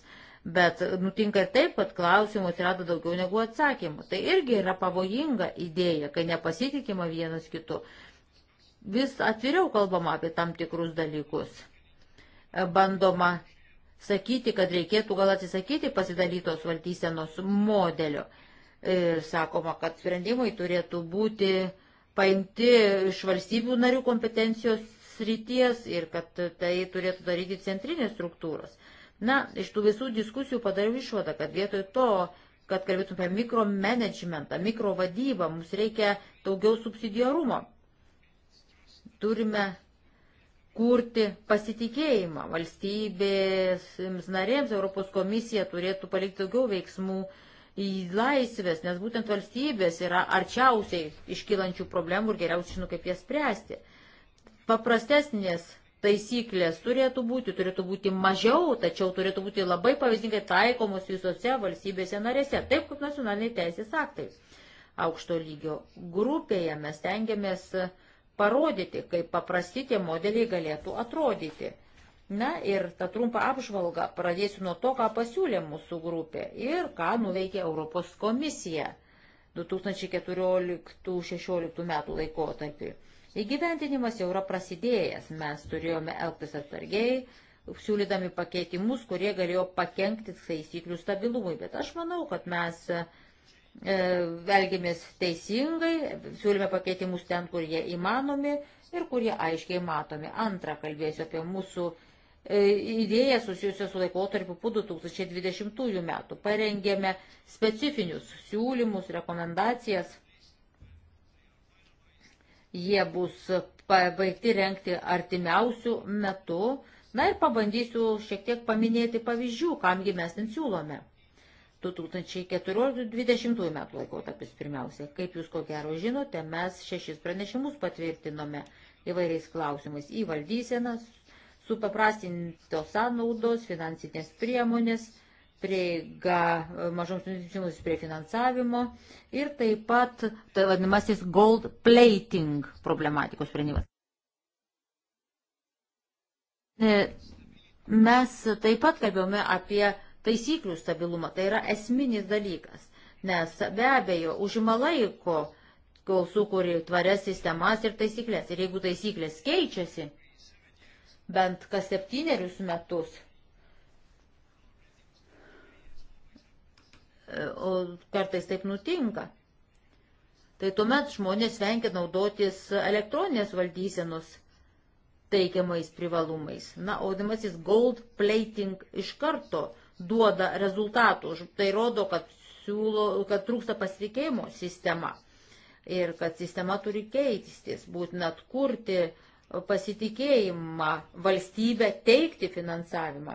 Bet nutinka ir taip, kad klausimų atsirado daugiau negu atsakymų. Tai irgi yra pavojinga idėja, kai nepasitikima vienas kitu. Vis atviriau kalbama apie tam tikrus dalykus. Bandoma sakyti, kad reikėtų gal atsisakyti pasidalytos valdysenos modelio. Ir sakoma, kad sprendimai turėtų būti e, paimti iš valstybių narių kompetencijos srities ir kad tai turėtų daryti centrinės struktūros. Na, iš tų visų diskusijų padariau išvadą, kad vietoj to, kad kalbėtume apie mikromanagementą, mikrovadybą, mums reikia daugiau subsidiarumo. Turime kurti pasitikėjimą. Valstybės narėms Europos komisija turėtų palikti daugiau veiksmų uh, laisvės, nes būtent valstybės yra arčiausiai iškylančių problemų ir geriausiai žino, kaip jas spręsti. Paprastesnės taisyklės turėtų būti, turėtų būti mažiau, tačiau turėtų būti labai pavyzdingai taikomos visose valstybėse narėse, taip kaip nacionaliniai teisės aktai. Aukšto lygio grupėje mes tengiamės parodyti, kaip paprasti tie modeliai galėtų atrodyti. Na ir tą trumpą apžvalgą pradėsiu nuo to, ką pasiūlė mūsų grupė ir ką nuveikė Europos komisija 2014-2016 metų laikotarpiu. Įgyventinimas jau yra prasidėjęs, mes turėjome elgtis atsargiai, siūlydami pakeitimus, kurie galėjo pakengti taisyklių stabilumui, bet aš manau, kad mes e, elgėmės teisingai, siūlėme pakeitimus ten, kur jie įmanomi ir kurie aiškiai matomi. Antra, kalbėsiu apie mūsų E, idėją susijusią su laikotarpiu po 2020 metų. Parengėme specifinius siūlymus, rekomendacijas. Jie bus pabaigti renkti artimiausių metų. Na ir pabandysiu šiek tiek paminėti pavyzdžių, kamgi mes ten siūlome. 2014-2020 metų laikotarpis pirmiausia. Kaip jūs ko gero žinote, mes šešis pranešimus patvirtinome įvairiais klausimais į valdyseną, supaprastintos sąnaudos, finansinės priemonės, prieiga e, mažoms institucijoms prie finansavimo ir taip pat tai vadinamasis gold plating problematikos sprendimas. E, mes taip pat kalbėjome apie taisyklių stabilumą, tai yra esminis dalykas, nes be abejo užima laiko, kol sukūri tvarias sistemas ir taisyklės. Ir jeigu taisyklės keičiasi, bent kas septynerius metus. O kartais taip nutinka. Tai tuomet žmonės vengia naudotis elektroninės valdysenos teikiamais privalumais. Na, audimasis gold plating iš karto duoda rezultatų. Tai rodo, kad, siūlo, kad trūksta pasitikėjimo sistema ir kad sistema turi keistis, būtina atkurti pasitikėjimą valstybę teikti finansavimą.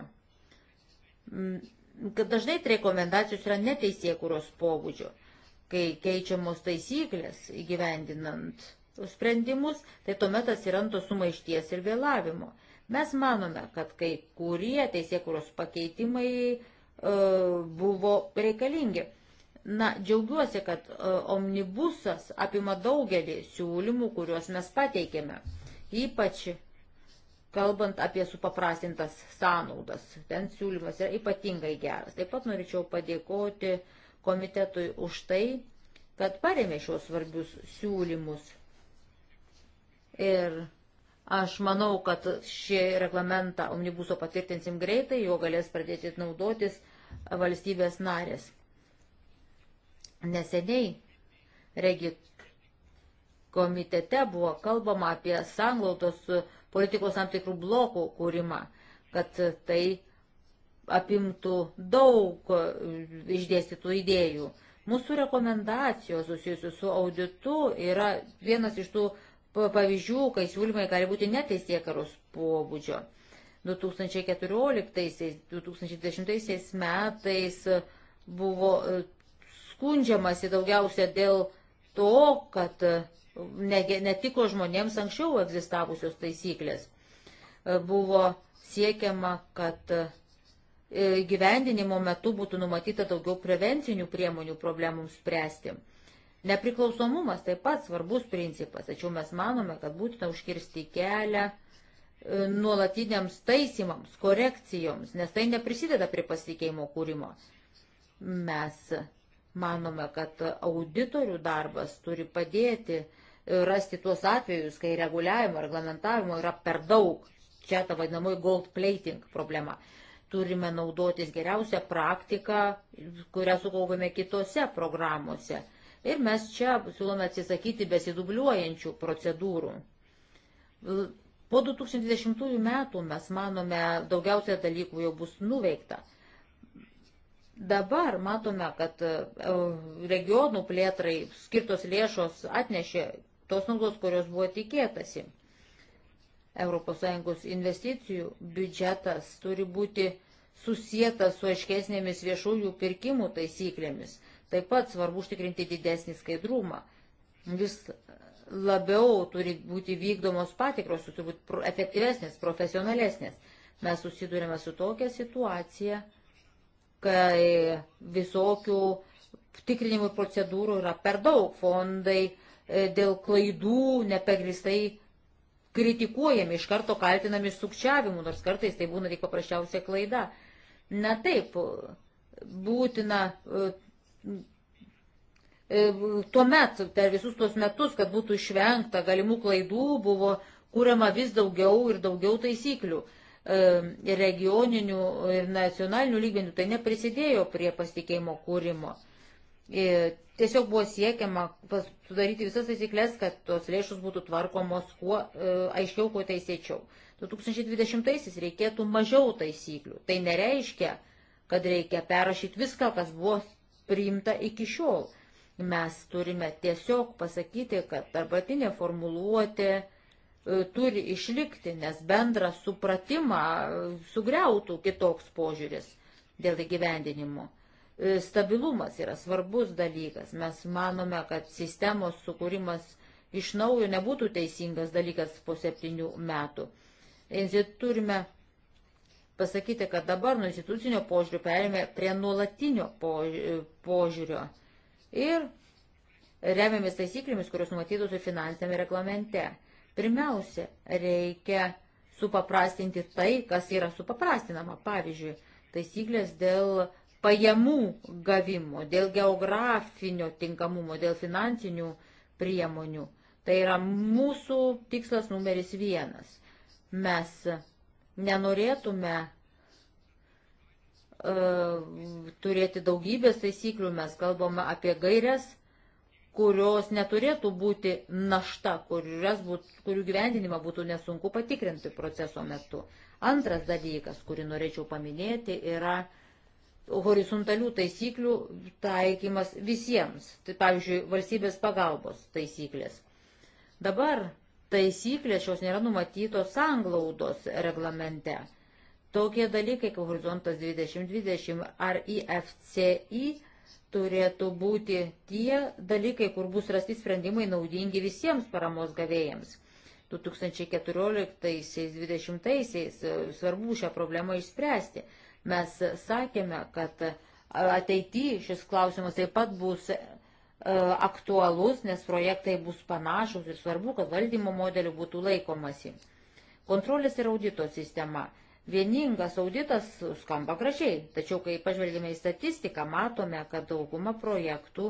Dažnai tai rekomendacijos yra neteisėkuros pobūdžio, kai keičiamos taisyklės įgyvendinant sprendimus, tai tuomet atsiranda sumaišties ir vėlavimo. Mes manome, kad kai kurie teisėkuros pakeitimai e, buvo reikalingi. Na, džiaugiuosi, kad e, omnibusas apima daugelį siūlymų, kuriuos mes pateikėme ypač kalbant apie supaprastintas sąnaudas. Ten siūlymas yra ypatingai geras. Taip pat norėčiau padėkoti komitetui už tai, kad paremė šios svarbius siūlymus. Ir aš manau, kad šį reglamentą omnibuso patvirtinsim greitai, jo galės pradėti naudotis valstybės narės. Neseniai regi komitete buvo kalbama apie sanglautos politikos tam tikrų blokų kūrimą, kad tai apimtų daug e, išdėstytų idėjų. Mūsų rekomendacijos susijusios su auditu yra vienas iš tų pavyzdžių, kai siūlymai gali būti neteisėkaros pobūdžio. 2014-2010 metais buvo e, skundžiamasi daugiausia dėl to, kad netiko žmonėms anksčiau egzistavusios taisyklės. E, buvo siekiama, kad e, gyvendinimo metu būtų numatyta daugiau prevencinių priemonių problemams spręsti. Nepriklausomumas taip pat svarbus principas, tačiau mes manome, kad būtina užkirsti kelią e, nuolatiniams taisymams, korekcijoms, nes tai neprisideda prie pasitikėjimo kūrimo. Mes manome, kad auditorių darbas turi padėti rasti tuos atvejus, kai reguliavimo, reglamentavimo yra per daug. Čia ta vadinamoji gold plating problema. Turime naudotis geriausią praktiką, kurią sukaupėme kitose programuose. Ir mes čia siūlome atsisakyti besidubliuojančių procedūrų. Po 2020 metų mes manome daugiausia dalykų jau bus nuveikta. Dabar matome, kad e, regionų plėtrai skirtos lėšos atnešė tos naudos, kurios buvo tikėtasi. ES investicijų biudžetas turi būti susijęs su aiškesnėmis viešųjų pirkimų taisyklėmis. Taip pat svarbu užtikrinti didesnį skaidrumą. Vis labiau turi būti vykdomos patikros, turi būti efektyvesnės, profesionalesnės. Mes susidurėme su tokia situacija, kai visokių tikrinimų procedūrų yra per daug. Fondai E, dėl klaidų nepagristai kritikuojami, iš karto kaltinami sukčiavimu, nors kartais tai būna tik paprasčiausia klaida. Na taip, būtina e, e, tuomet per visus tuos metus, kad būtų išvengta galimų klaidų, buvo kūriama vis daugiau ir daugiau taisyklių regioninių ir nacionalinių lygmenių. Tai neprisidėjo prie pasitikėjimo kūrimo. E, tiesiog buvo siekiama sudaryti visas taisyklės, kad tos lėšus būtų tvarkomos kuo e, aiškiau, kuo teisėčiau. 2020-aisiais reikėtų mažiau taisyklių. Tai nereiškia, kad reikia perrašyti viską, kas buvo priimta iki šiol. Mes turime tiesiog pasakyti, kad tarptautinė formuluotė e, turi išlikti, nes bendrą supratimą sugriautų kitoks požiūris dėl įgyvendinimo. E, stabilumas yra svarbus dalykas. Mes manome, kad sistemos sukūrimas iš naujo nebūtų teisingas dalykas po septynių metų. Turime pasakyti, kad dabar nuo institucinio požiūrio perėmė prie nuolatinio e, požiūrio ir remiamės taisyklėmis, kurios numatytos ir finansinėme reglamente. Pirmiausia, reikia supaprastinti tai, kas yra supaprastinama. Pavyzdžiui, taisyklės dėl pajamų gavimo, dėl geografinio tinkamumo, dėl finansinių priemonių. Tai yra mūsų tikslas numeris vienas. Mes nenorėtume uh, turėti daugybės taisyklių, mes kalbame apie gairias, kurios neturėtų būti našta, būt, kurių gyvendinimą būtų nesunku patikrinti proceso metu. Antras dalykas, kurį norėčiau paminėti, yra uh, horizontalių taisyklių taikymas visiems, tai pavyzdžiui, valstybės pagalbos taisyklės. Dabar taisyklės šios nėra numatytos sanglaudos reglamente. Tokie dalykai kaip horizontas 2020 ar IFCI turėtų būti tie dalykai, kur bus rasti sprendimai naudingi visiems paramos gavėjams. 2014-2020 e, svarbu šią problemą išspręsti. Mes sakėme, kad ateityje šis klausimas taip pat bus e, aktualus, nes projektai bus panašus ir svarbu, kad valdymo modelių būtų laikomasi. Kontrolės ir audito sistema. Vieningas auditas skamba gražiai, tačiau kai pažvelgime į statistiką, matome, kad dauguma projektų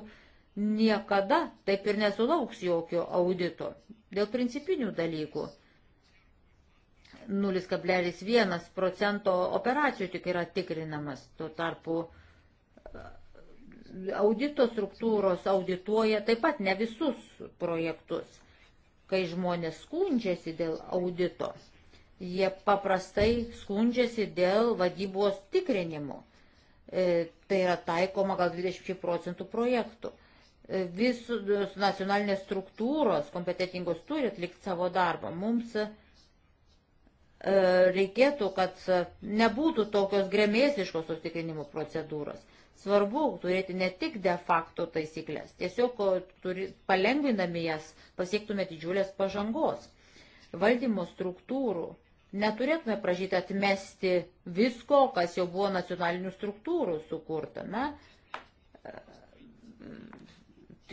niekada taip ir nesulauks jokio audito dėl principinių dalykų. 0,1 procento operacijų tik yra tikrinamas. Tuo tarpu e, audito struktūros audituoja taip pat ne visus projektus. Kai žmonės skundžiasi dėl audito, jie paprastai skundžiasi dėl vadybos tikrinimų. E, tai yra taikoma gal 20 procentų projektų e, visos nacionalinės struktūros kompetitingos turi atlikti savo darbą. Mums E, reikėtų, kad nebūtų tokios grėmėsiškos užtikrinimų procedūros. Svarbu turėti ne tik de facto taisyklės, tiesiog turi, palengvinami jas pasiektume didžiulės pažangos. Valdymo struktūrų neturėtume prašyti atmesti visko, kas jau buvo nacionalinių struktūrų sukurta. Na, e,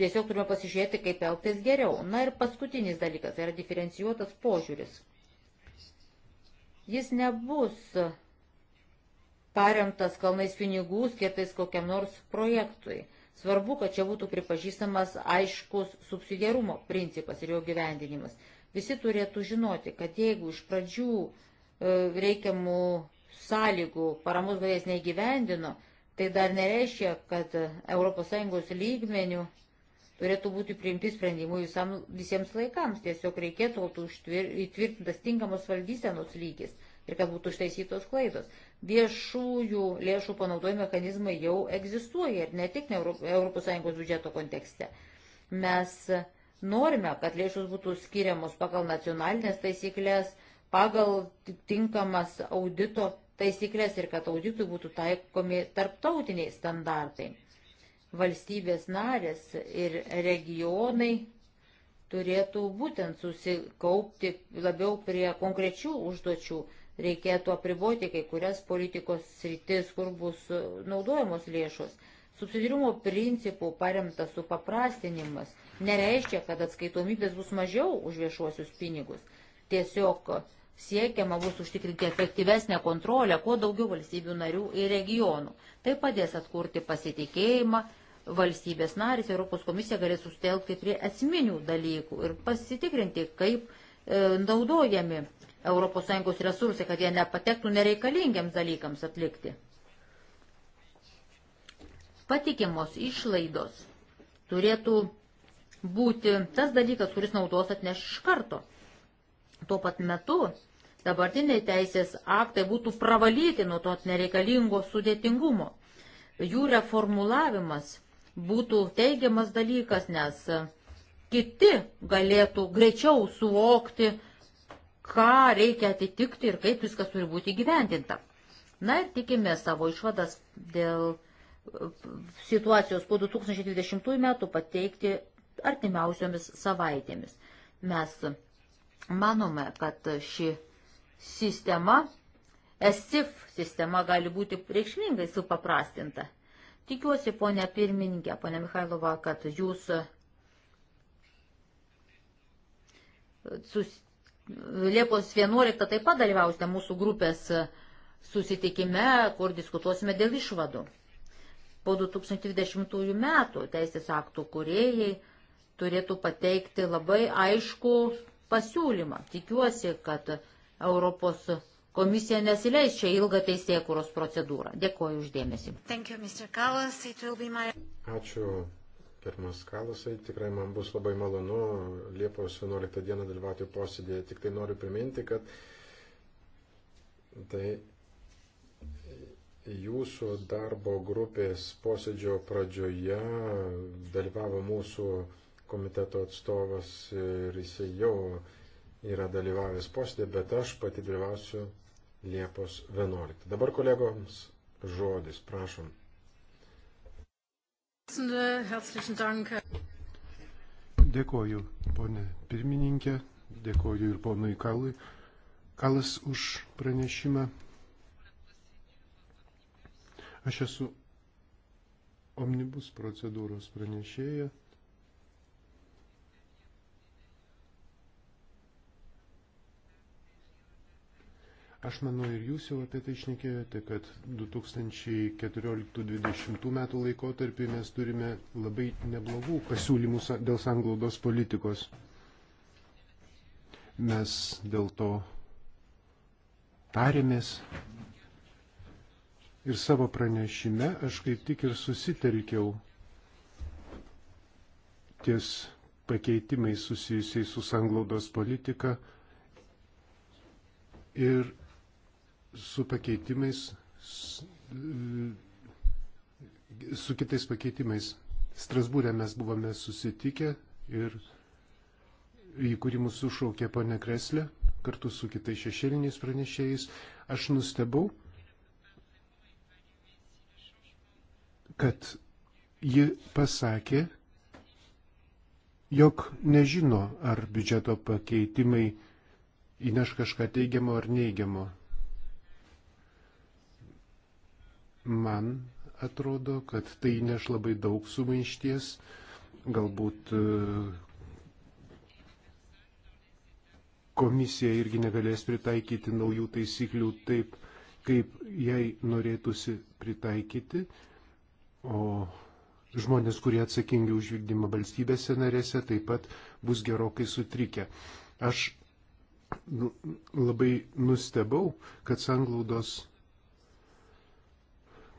tiesiog turime pasižiūrėti, kaip elgtis geriau. Na ir paskutinis dalykas tai yra diferencijuotas požiūris Jis nebus paremtas kalnais pinigų skirtais kokiam nors projektui. Svarbu, kad čia būtų pripažįstamas aiškus subsidiarumo principas ir jo gyvendinimas. Visi turėtų žinoti, kad jeigu iš pradžių e, reikiamų sąlygų paramos gavėjas neįgyvendino, tai dar nereiškia, kad ES lygmenių turėtų būti priimti sprendimai visam, visiems laikams. Tiesiog reikėtų, kad užtvir, įtvirtintas tinkamos valdysenos lygis ir kad būtų ištaisytos klaidos. Viešųjų lėšų panaudojimo mechanizmai jau egzistuoja ir ne tik ne Europos, ES biudžeto kontekste. Mes norime, kad lėšus būtų skiriamos pagal nacionalinės taisyklės, pagal tinkamas audito taisyklės ir kad auditui būtų taikomi tarptautiniai standartai valstybės narės ir regionai turėtų būtent susikaupti labiau prie konkrečių užduočių. Reikėtų apriboti kai kurias politikos sritis, kur bus naudojamos lėšos. Subsidirumo principų paremtas supaprastinimas nereiškia, kad atskaitomybės bus mažiau už viešuosius pinigus. Tiesiog siekiama bus užtikrinti efektyvesnę kontrolę kuo daugiau valstybių narių ir regionų. Tai padės atkurti pasitikėjimą, valstybės narys Europos komisija galės sustelkti prie esminių dalykų ir pasitikrinti, kaip e, naudojami ES resursai, kad jie nepatektų nereikalingiams dalykams atlikti. Patikimos išlaidos turėtų būti tas dalykas, kuris naudos atneš iš karto. Tuo pat metu dabartiniai teisės aktai būtų pravalyti nuo to nereikalingo sudėtingumo. Jų reformulavimas būtų teigiamas dalykas, nes kiti galėtų greičiau suvokti, ką reikia atitikti ir kaip viskas turi būti gyvendinta. Na ir tikime savo išvadas dėl e, situacijos po 2020 metų pateikti artimiausiomis savaitėmis. Mes Manome, kad ši sistema, SIF sistema gali būti reikšmingai supaprastinta. Tikiuosi, ponia pirmininkė, ponia Mikhailova, kad jūs e, sus... Liepos 11 taip pat dalyvausite mūsų grupės susitikime, kur diskutuosime dėl išvadų. Po 2020 metų teisės aktų kuriejai turėtų pateikti labai aišku pasiūlymą. Tikiuosi, kad Europos komisija nesileis čia ilgą teisėkuros procedūrą. Dėkuoju uždėmesi. You, my... Ačiū. Pirmas kalasai, tikrai man bus labai malonu Liepos 11 dieną dalyvauti posėdėje. Tik tai noriu priminti, kad tai jūsų darbo grupės posėdžio pradžioje dalyvavo mūsų komiteto atstovas ir jisai jau yra dalyvavęs posėdė, bet aš pati dalyvausiu Liepos 11. Dabar kolegoms žodis, prašom. Dėkoju, ponė pirmininkė, dėkoju ir ponui Kalui. Kalas už pranešimą. Aš esu omnibus procedūros pranešėja. Aš manau ir jūs jau apie tai išnekėjote, kad 2014-2020 metų laikotarpį mes turime labai neblogų pasiūlymų dėl sanglaudos politikos. Mes dėl to tarėmės ir savo pranešime aš kaip tik ir susitelkiau ties pakeitimais susijusiais su sanglaudos politika ir su pakeitimais, su kitais pakeitimais. Strasbūrė mes buvome susitikę ir į kurį mūsų šaukė ponė Kreslė kartu su kitais šešėliniais pranešėjais. Aš nustebau, kad ji pasakė, jog nežino, ar biudžeto pakeitimai įneš kažką teigiamo ar neigiamo Man atrodo, kad tai neš labai daug sumaišties, galbūt e, komisija irgi negalės pritaikyti naujų taisyklių taip, kaip jai norėtųsi pritaikyti, o žmonės, kurie atsakingi už vykdymą valstybėse narėse, taip pat bus gerokai sutrikę. Aš nu, labai nustebau, kad sanglaudos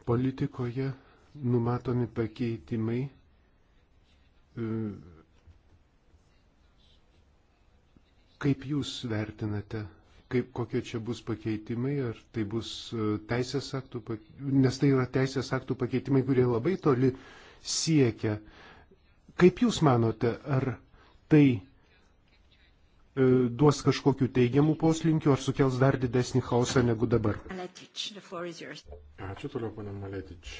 politikoje numatomi pakeitimai e, Kaip Jūs vertinate, kaip, kokie čia bus pakeitimai, ar tai bus e, teisės aktų, nes tai yra teisės aktų pakeitimai, kurie labai toli siekia. Kaip Jūs manote, ar tai E, duos kažkokių teigiamų poslinkių ar sukels dar didesnį chaosą negu dabar. Ačiū toliau, ponė Maletič.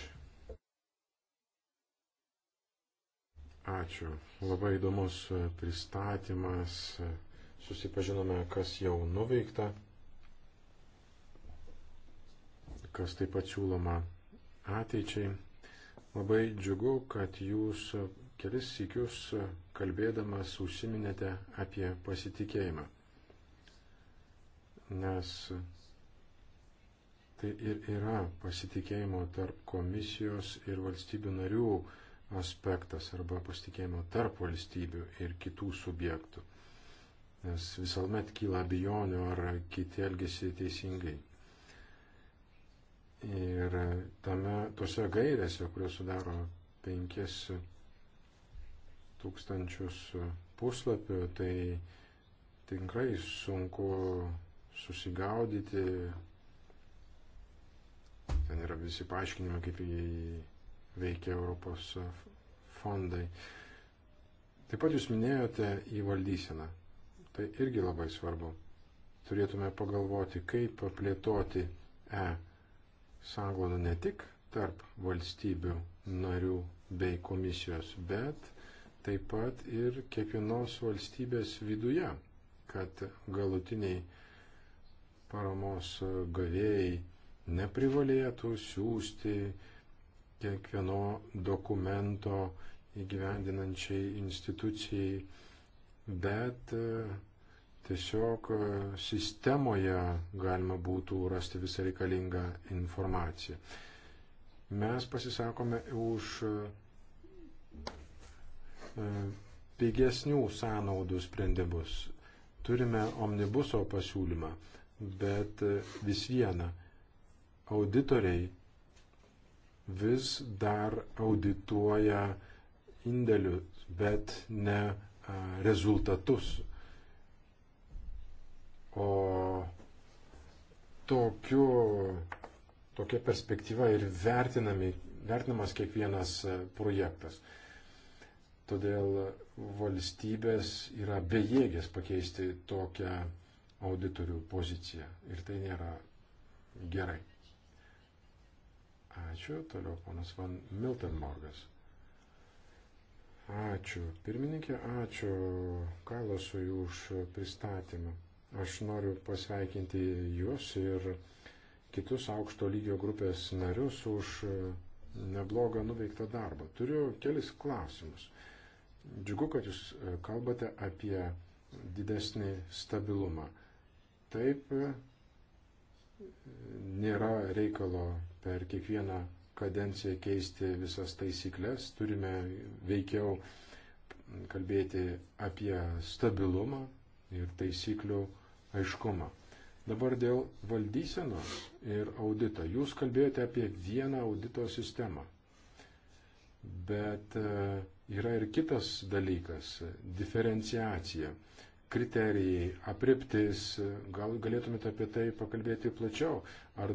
Ačiū. Labai įdomus pristatymas. Susipažinome, kas jau nuveikta, kas taip pat siūloma ateičiai. Labai džiugu, kad jūs kelis sikius kalbėdamas užsiminėte apie pasitikėjimą. Nes tai ir yra pasitikėjimo tarp komisijos ir valstybių narių aspektas arba pasitikėjimo tarp valstybių ir kitų subjektų. Nes visuomet kyla abejonių, ar kiti elgesi teisingai. Ir tame, tose gairėse, kurios sudaro penkis tūkstančius puslapių, tai tikrai sunku susigaudyti. Ten yra visi paaiškinimai, kaip veikia Europos fondai. Taip pat jūs minėjote į valdyseną. Tai irgi labai svarbu. Turėtume pagalvoti, kaip plėtoti e sąnglaudą ne tik tarp valstybių narių bei komisijos, bet taip pat ir kiekvienos valstybės viduje, kad galutiniai paramos gavėjai neprivalėtų siūsti kiekvieno dokumento įgyvendinančiai institucijai, bet e, tiesiog e, sistemoje galima būtų rasti visą reikalingą informaciją. Mes pasisakome už pigesnių sąnaudų sprendimus. Turime omnibuso pasiūlymą, bet vis viena auditoriai vis dar audituoja indėlius, bet ne rezultatus. O tokiu, tokia perspektyva ir vertinami, vertinamas kiekvienas projektas. Todėl valstybės yra bejėgės pakeisti tokią auditorių poziciją ir tai nėra gerai. Ačiū, toliau ponas Van Miltenborgas. Ačiū pirmininkė, ačiū Kailosui už pristatymą. Aš noriu pasveikinti juos ir kitus aukšto lygio grupės narius už neblogą nuveiktą darbą. Turiu kelis klausimus. Džiugu, kad jūs e, kalbate apie didesnį stabilumą. Taip e, nėra reikalo per kiekvieną kadenciją keisti visas taisyklės, turime veikiau kalbėti apie stabilumą ir taisyklių aiškumą. Dabar dėl valdysenos ir audito. Jūs kalbėjote apie vieną audito sistemą. Bet e, yra ir kitas dalykas - diferenciacija, kriterijai, apriptis. Gal galėtumėte apie tai pakalbėti plačiau? Ar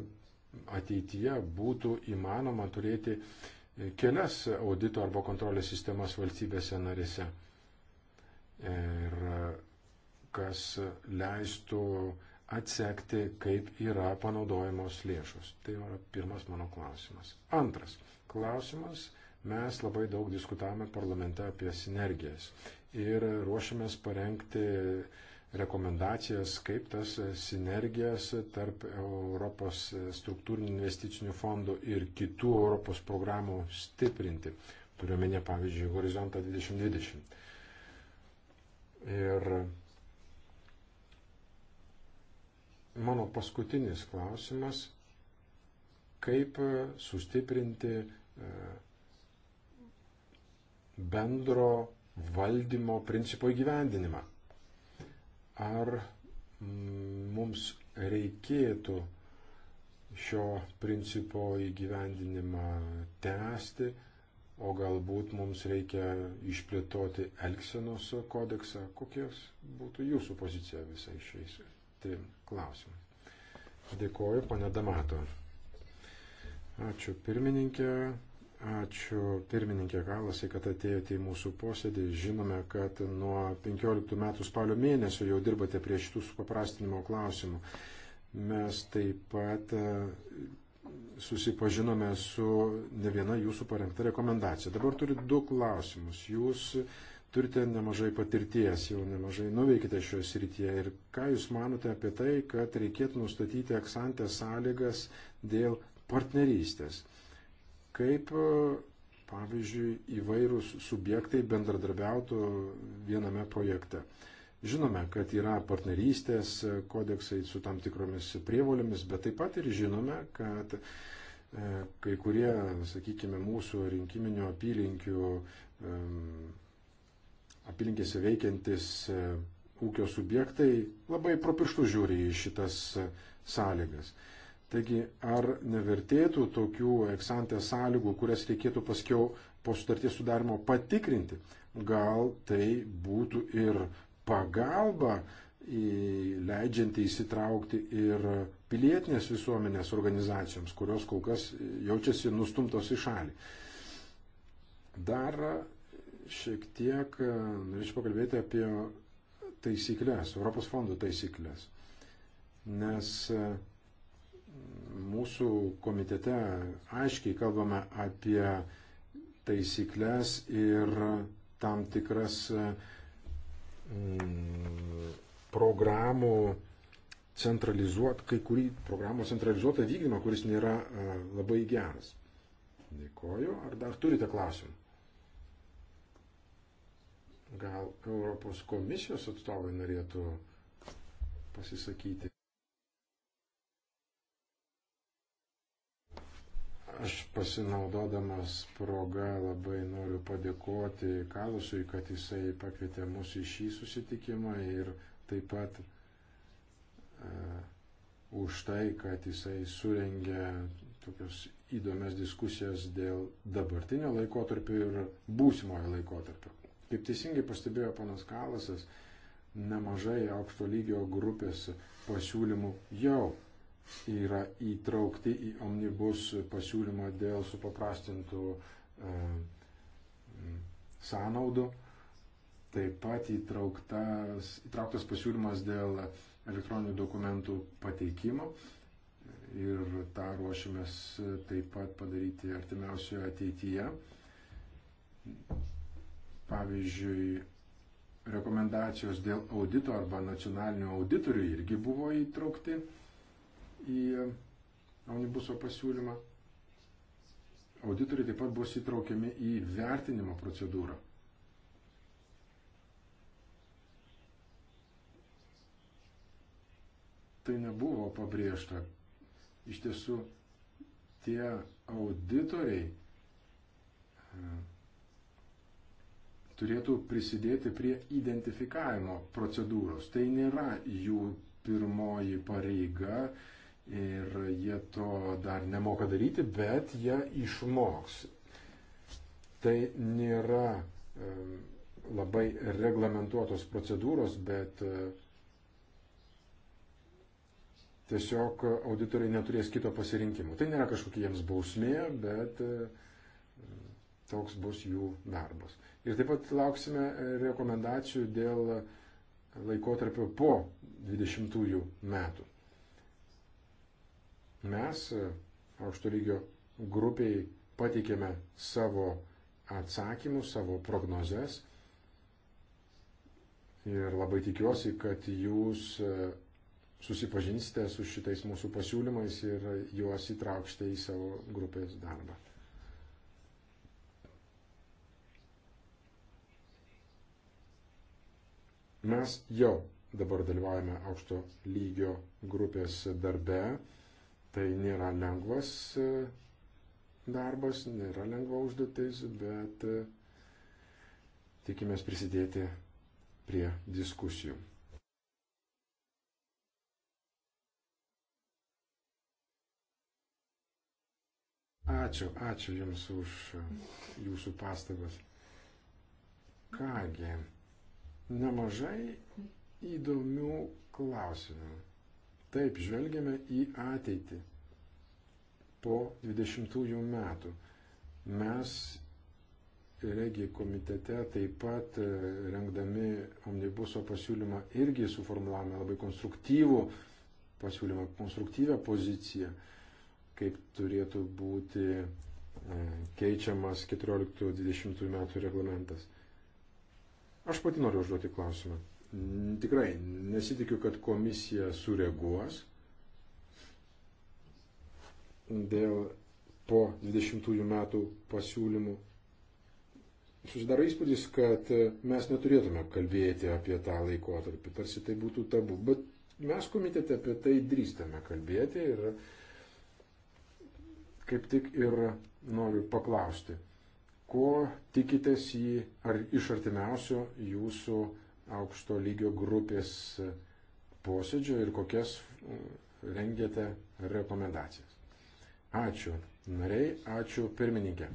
ateityje būtų įmanoma turėti e, kelias audito arba kontrolės sistemas valstybėse narėse? Ir e, kas leistų atsekti, kaip yra panaudojamos lėšos. Tai yra pirmas mano klausimas. Antras klausimas Mes labai daug diskutavome parlamente apie sinergijas ir ruošiamės parengti rekomendacijas, kaip tas sinergijas tarp Europos struktūrinių investicinių fondų ir kitų Europos programų stiprinti. Turiuomenė, pavyzdžiui, Horizontą 2020. Ir mano paskutinis klausimas, kaip sustiprinti e, bendro valdymo principo įgyvendinimą. Ar mm, mums reikėtų šio principo įgyvendinimą tęsti, o galbūt mums reikia išplėtoti Elksenos kodeksą. Kokios būtų jūsų pozicija visai šiais trim klausimais? Dėkoju, pane Damato. Ačiū pirmininkė, Ačiū pirmininkė Kalasai, kad atėjote į mūsų posėdį. Žinome, kad nuo 15 metų spalio mėnesio jau dirbate prie šitų supaprastinimo klausimų. Mes taip pat e, susipažinome su ne viena jūsų parengta rekomendacija. Dabar turiu du klausimus. Jūs turite nemažai patirties, jau nemažai nuveikite šioje srityje. Ir ką Jūs manote apie tai, kad reikėtų nustatyti eksantę sąlygas dėl partnerystės? kaip, e, pavyzdžiui, įvairūs subjektai bendradarbiautų viename projekte. Žinome, kad yra partnerystės e, kodeksai su tam tikromis prievolėmis, bet taip pat ir žinome, kad e, kai kurie, sakykime, mūsų rinkiminių apylinkių apylinkėse veikiantis ūkio subjektai labai pro pirštų žiūri į šitas sąlygas. Taigi, ar nevertėtų tokių eksantės sąlygų, kurias reikėtų paskiau po sutarties sudarimo patikrinti? Gal tai būtų ir pagalba leidžianti įsitraukti ir pilietinės visuomenės organizacijoms, kurios kol kas jaučiasi nustumtos į šalį. Dar šiek tiek e, norėčiau pakalbėti apie taisyklės, Europos fondų taisyklės. Nes e, Mūsų komitete aiškiai kalbame apie taisyklės ir tam tikras mm, programų centralizuot, kai kurį programų centralizuotą vykdymą, kuris nėra e, labai geras. Dėkoju. Ar dar turite klausimų? Gal Europos komisijos atstovai norėtų pasisakyti? Aš pasinaudodamas progą labai noriu padėkoti Kalusui, kad jisai pakvietė mus į šį susitikimą ir taip pat uh, už tai, kad jisai surengė tokius įdomias diskusijas dėl dabartinio laikotarpio ir būsimojo laikotarpio. Kaip teisingai pastebėjo panas Kalasas, nemažai aukšto lygio grupės pasiūlymų jau yra įtraukti į omnibus pasiūlymą dėl supaprastintų e, sąnaudų. Taip pat įtrauktas, įtrauktas pasiūlymas dėl elektroninių dokumentų pateikimo ir tą ruošimės taip pat padaryti artimiausioje ateityje. Pavyzdžiui, rekomendacijos dėl audito arba nacionalinių auditorių irgi buvo įtraukti į omnibuso pasiūlymą. Auditoriai taip pat bus įtraukiami į vertinimo procedūrą. Tai nebuvo pabrėžta. Iš tiesų, tie auditoriai e, turėtų prisidėti prie identifikavimo procedūros. Tai nėra jų pirmoji pareiga, ir jie to dar nemoka daryti, bet jie išmoks. Tai nėra e, labai reglamentuotos procedūros, bet e, tiesiog auditoriai neturės kito pasirinkimo. Tai nėra kažkokia jiems bausmė, bet e, toks bus jų darbas. Ir taip pat lauksime rekomendacijų dėl laikotarpio po 20 metų. Mes e, aukšto lygio grupiai pateikėme savo atsakymus, savo prognozes ir labai tikiuosi, kad jūs e, susipažinsite su šitais mūsų pasiūlymais ir juos įtrauksite į savo grupės darbą. Mes jau dabar dalyvaujame aukšto lygio grupės darbe Tai nėra lengvas e, darbas, nėra lengva užduotis, bet e, tikimės prisidėti prie diskusijų. Ačiū, ačiū Jums už Jūsų pastabas. Kągi, nemažai įdomių klausimų. Taip, žvelgiame į ateitį po 20 metų. Mes regijai komitete taip pat e, rengdami omnibuso pasiūlymą irgi suformulavome labai konstruktyvų pasiūlymą, konstruktyvę poziciją, kaip turėtų būti e, keičiamas 14-20 metų reglamentas. Aš pati noriu užduoti klausimą. Tikrai nesitikiu, kad komisija sureaguos dėl po 20 metų pasiūlymų. Susidaro įspūdis, kad mes neturėtume kalbėti apie tą laikotarpį, tarsi tai būtų tabu, bet mes komitete apie tai drįstame kalbėti ir kaip tik ir noriu paklausti, ko tikitės į ar iš artimiausio jūsų aukšto lygio grupės posėdžio ir kokias e, rengėte rekomendacijas. Ačiū nariai, ačiū pirmininkė.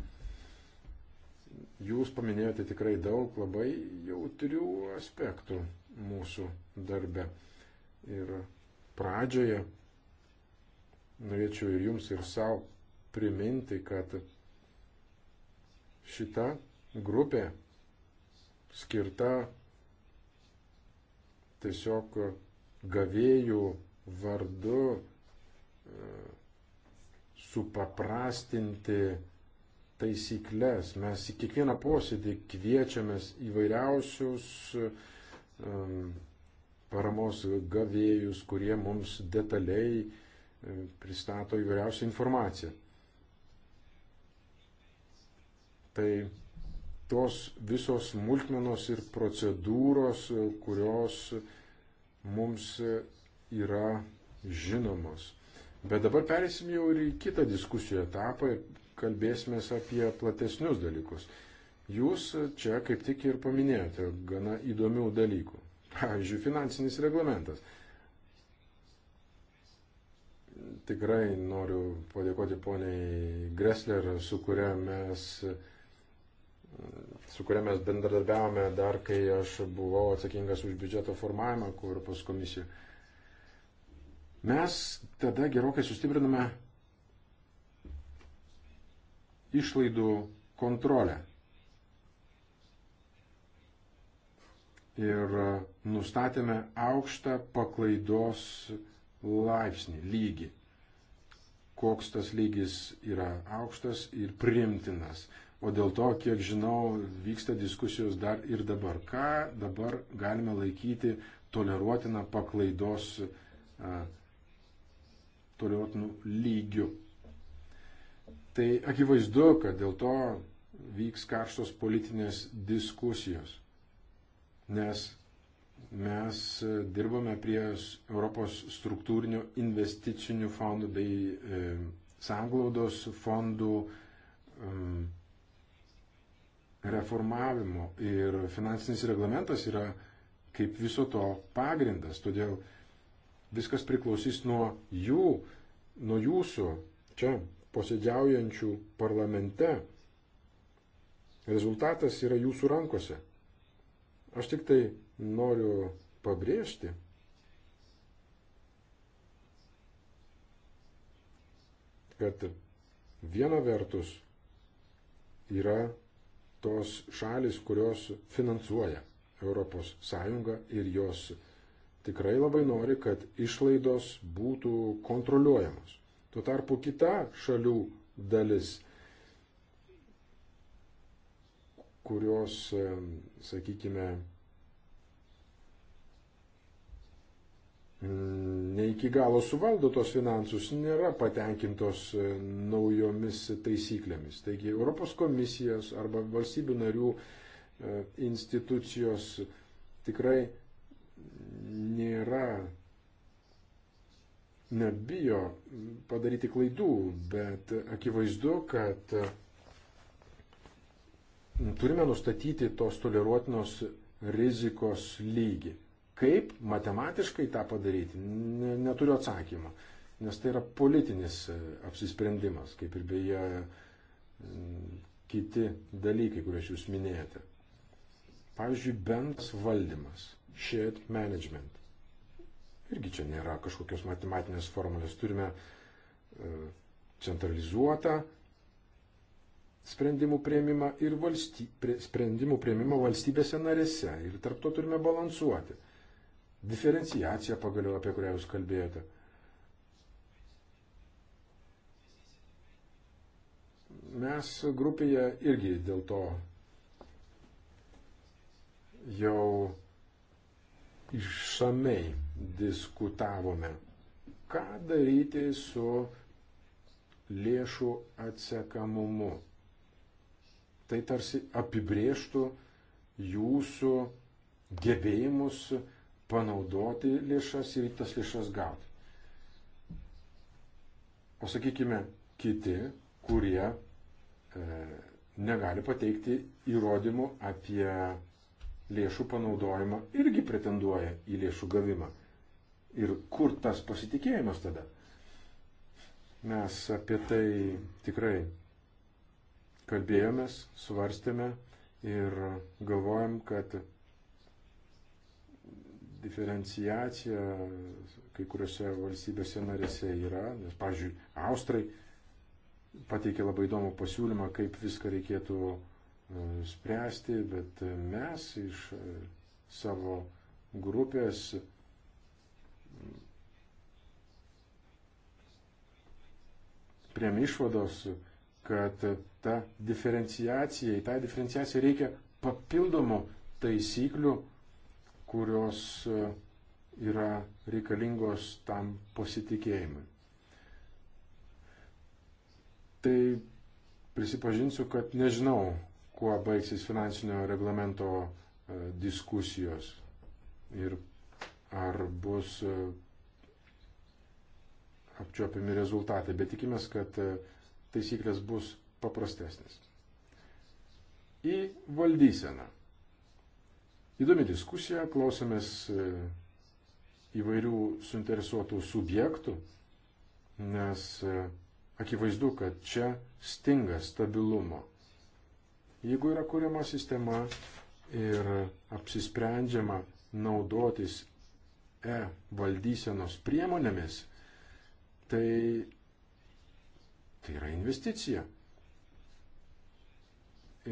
Jūs paminėjote tikrai daug labai jautrių aspektų mūsų darbe. Ir pradžioje norėčiau ir jums, ir savo priminti, kad šita grupė skirta tiesiog gavėjų vardu e, supaprastinti taisyklės. Mes į kiekvieną posėdį kviečiamės įvairiausius um, paramos gavėjus, kurie mums detaliai e, pristato įvairiausią informaciją. Tai tos visos smulkmenos ir procedūros, kurios mums yra žinomos. Bet dabar perėsim jau ir į kitą diskusijų etapą ir kalbėsime apie platesnius dalykus. Jūs čia kaip tik ir paminėjote gana įdomių dalykų. Pavyzdžiui, finansinis reglamentas. Tikrai noriu padėkoti poniai Gressler, su kuria mes uh, su kuria mes bendradarbiavome dar, kai aš buvau atsakingas už biudžeto formavimą Europos komisijoje. Mes tada gerokai sustipriname išlaidų kontrolę. Ir nustatėme aukštą paklaidos laipsnį, lygį. Koks tas lygis yra aukštas ir primtinas. O dėl to, kiek žinau, vyksta diskusijos dar ir dabar. Ką dabar galime laikyti toleruotiną paklaidos toleruotinų lygių. Tai akivaizdu, kad dėl to vyks karštos politinės diskusijos, nes mes dirbame prie Europos struktūrinių investicinių fondų bei e, sanglaudos fondų e, reformavimo ir finansinis reglamentas yra kaip viso to pagrindas. Todėl viskas priklausys nuo jų, nuo jūsų čia posėdžiaujančių parlamente. Rezultatas yra jūsų rankose. Aš tik tai noriu pabrėžti, kad viena vertus yra tos šalis, kurios finansuoja ES ir jos tikrai labai nori, kad išlaidos būtų kontroliuojamos. Tuo tarpu kita šalių dalis, kurios, sakykime, ne iki galo suvaldo tos finansus, nėra patenkintos e, naujomis taisyklėmis. Taigi Europos komisijos arba valstybių narių e, institucijos tikrai nėra, nebijo padaryti klaidų, bet akivaizdu, kad e, turime nustatyti tos toleruotinos rizikos lygį. Kaip matematiškai tą padaryti, neturiu atsakymo, nes tai yra politinis e, apsisprendimas, kaip ir beje kiti dalykai, kuriuos jūs minėjote. Pavyzdžiui, bendras valdymas, shared management. Irgi čia nėra kažkokios matematinės formulės. Turime e, centralizuotą sprendimų prieimimą ir valsty, sprendimų prieimimą valstybėse narėse. Ir tarp to turime balansuoti diferenciacija pagaliau, apie kurią jūs kalbėjote. Mes grupėje irgi dėl to jau išsamei diskutavome, ką daryti su lėšų atsekamumu. Tai tarsi apibrieštų jūsų gebėjimus panaudoti lėšas ir tas lėšas gauti. O sakykime, kiti, kurie e, negali pateikti įrodymų apie lėšų panaudojimą, irgi pretenduoja į lėšų gavimą. Ir kur tas pasitikėjimas tada? Mes apie tai tikrai kalbėjomės, svarstėme ir galvojam, kad diferenciacija kai kuriuose valstybėse narėse yra, nes, pavyzdžiui, Austrai pateikė labai įdomų pasiūlymą, kaip viską reikėtų e, spręsti, bet mes iš e, savo grupės priem išvados, kad ta diferenciacija, į tą diferenciaciją reikia papildomų taisyklių, kurios e, yra reikalingos tam pasitikėjimui. Tai prisipažinsiu, kad nežinau, kuo baigsis finansinio reglamento e, diskusijos ir ar bus e, apčiopiami rezultatai, bet tikimės, kad taisyklės bus paprastesnis. Į valdyseną. Įdomi diskusija, klausėmės e, įvairių suinteresuotų subjektų, nes e, akivaizdu, kad čia stinga stabilumo. Jeigu yra kuriama sistema ir apsisprendžiama naudotis e-valdysenos priemonėmis, tai tai yra investicija.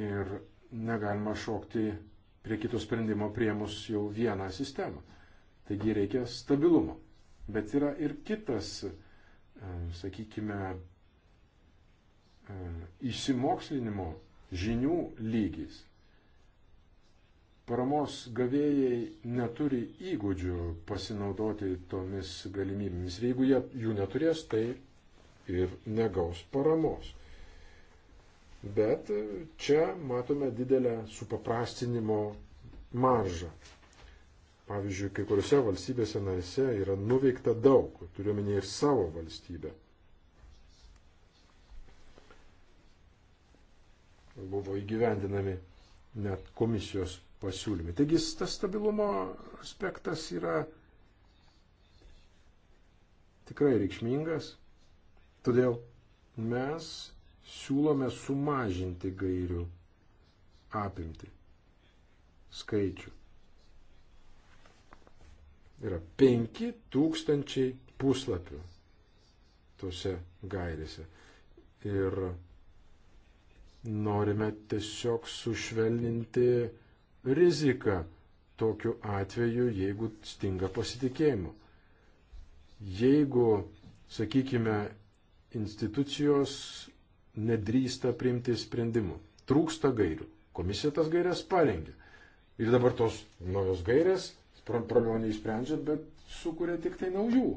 Ir negalima šokti prie kito sprendimo priemus jau vieną sistemą. Taigi reikia stabilumo. Bet yra ir kitas, e, sakykime, įsimokslinimo e, žinių lygis. Paramos gavėjai neturi įgūdžių pasinaudoti tomis galimybėmis. Ir jeigu jie jų neturės, tai ir negaus paramos. Bet čia matome didelę supaprastinimo maržą. Pavyzdžiui, kai kuriuose valstybėse narėse yra nuveikta daug, turiuomenė ir savo valstybę. Buvo įgyvendinami net komisijos pasiūlymai. Taigi tas stabilumo aspektas yra tikrai reikšmingas, todėl mes siūlome sumažinti gairių apimti skaičių. Yra 5000 puslapių tose gairėse. Ir norime tiesiog sušvelninti riziką tokiu atveju, jeigu stinga pasitikėjimo. Jeigu, sakykime, institucijos nedrįsta priimti sprendimų. Trūksta gairių. Komisija tas gairias parengė. Ir dabar tos naujos gairės problemų neįsprendžia, bet sukuria tik tai naujų.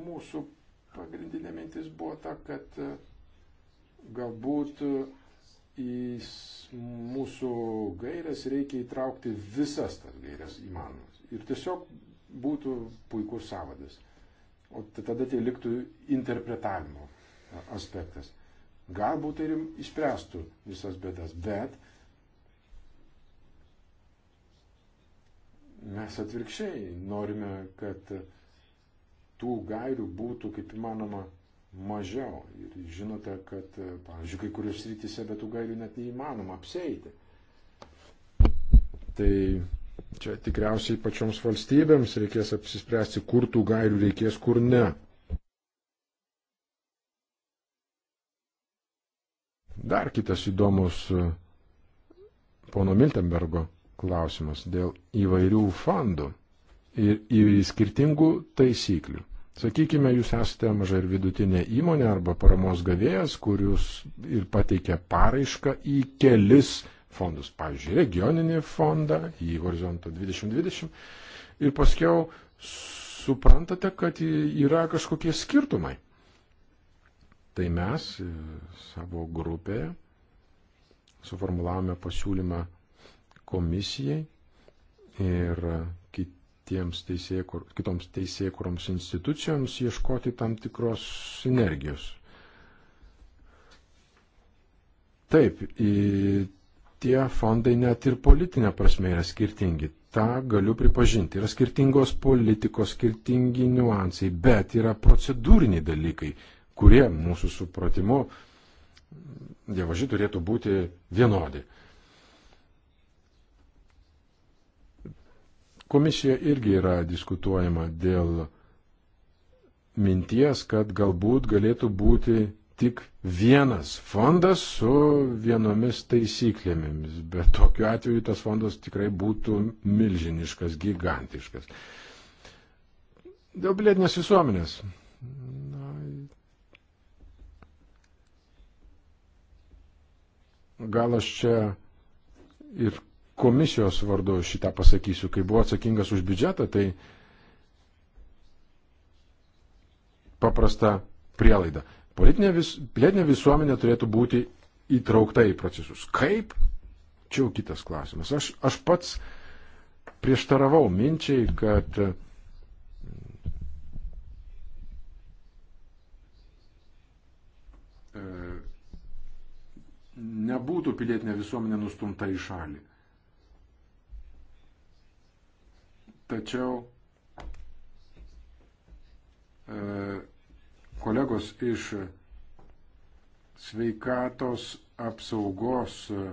Mūsų pagrindinė mintis buvo ta, kad e, galbūt e, į mūsų gairias reikia įtraukti visas tas gairias įmanomas. Ir tiesiog būtų puikus savadas. O tada tai liktų interpretavimo aspektas. Galbūt ir išspręstų visas bėdas, bet mes atvirkščiai norime, kad tų gairių būtų kaip įmanoma mažiau. Ir žinote, kad, pavyzdžiui, kai kurios rytise be tų gairių net neįmanoma apseiti. Tai Čia tikriausiai pačioms valstybėms reikės apsispręsti, kur tų gairių reikės, kur ne. Dar kitas įdomus e, pono Miltenbergo klausimas dėl įvairių fondų ir į skirtingų taisyklių. Sakykime, jūs esate maža ir vidutinė įmonė arba paramos gavėjas, kurius ir pateikia paraišką į kelis fondus, pavyzdžiui, regioninį fondą į horizontą 2020 ir paskiau suprantate, kad yra kažkokie skirtumai. Tai mes e, savo grupėje suformulavome pasiūlymą komisijai ir kitiems teisėkur, kitoms teisėkuroms institucijoms ieškoti tam tikros sinergijos. Taip, tie fondai net ir politinė prasme yra skirtingi. Ta galiu pripažinti. Yra skirtingos politikos, skirtingi niuansai, bet yra procedūriniai dalykai, kurie mūsų supratimu, dievaži, turėtų būti vienodi. Komisija irgi yra diskutuojama dėl minties, kad galbūt galėtų būti tik vienas fondas su vienomis taisyklėmis, bet tokiu atveju tas fondas tikrai būtų milžiniškas, gigantiškas. Dėl pilietinės visuomenės. Na, gal aš čia ir komisijos vardu šitą pasakysiu, kai buvau atsakingas už biudžetą, tai paprasta prielaida. Politinė vis, pilietinė visuomenė turėtų būti įtraukta į procesus. Kaip? Čia jau kitas klausimas. Aš, aš pats prieštaravau minčiai, kad e, nebūtų pilietinė visuomenė nustumta į šalį. Tačiau e, Kolegos iš sveikatos apsaugos e,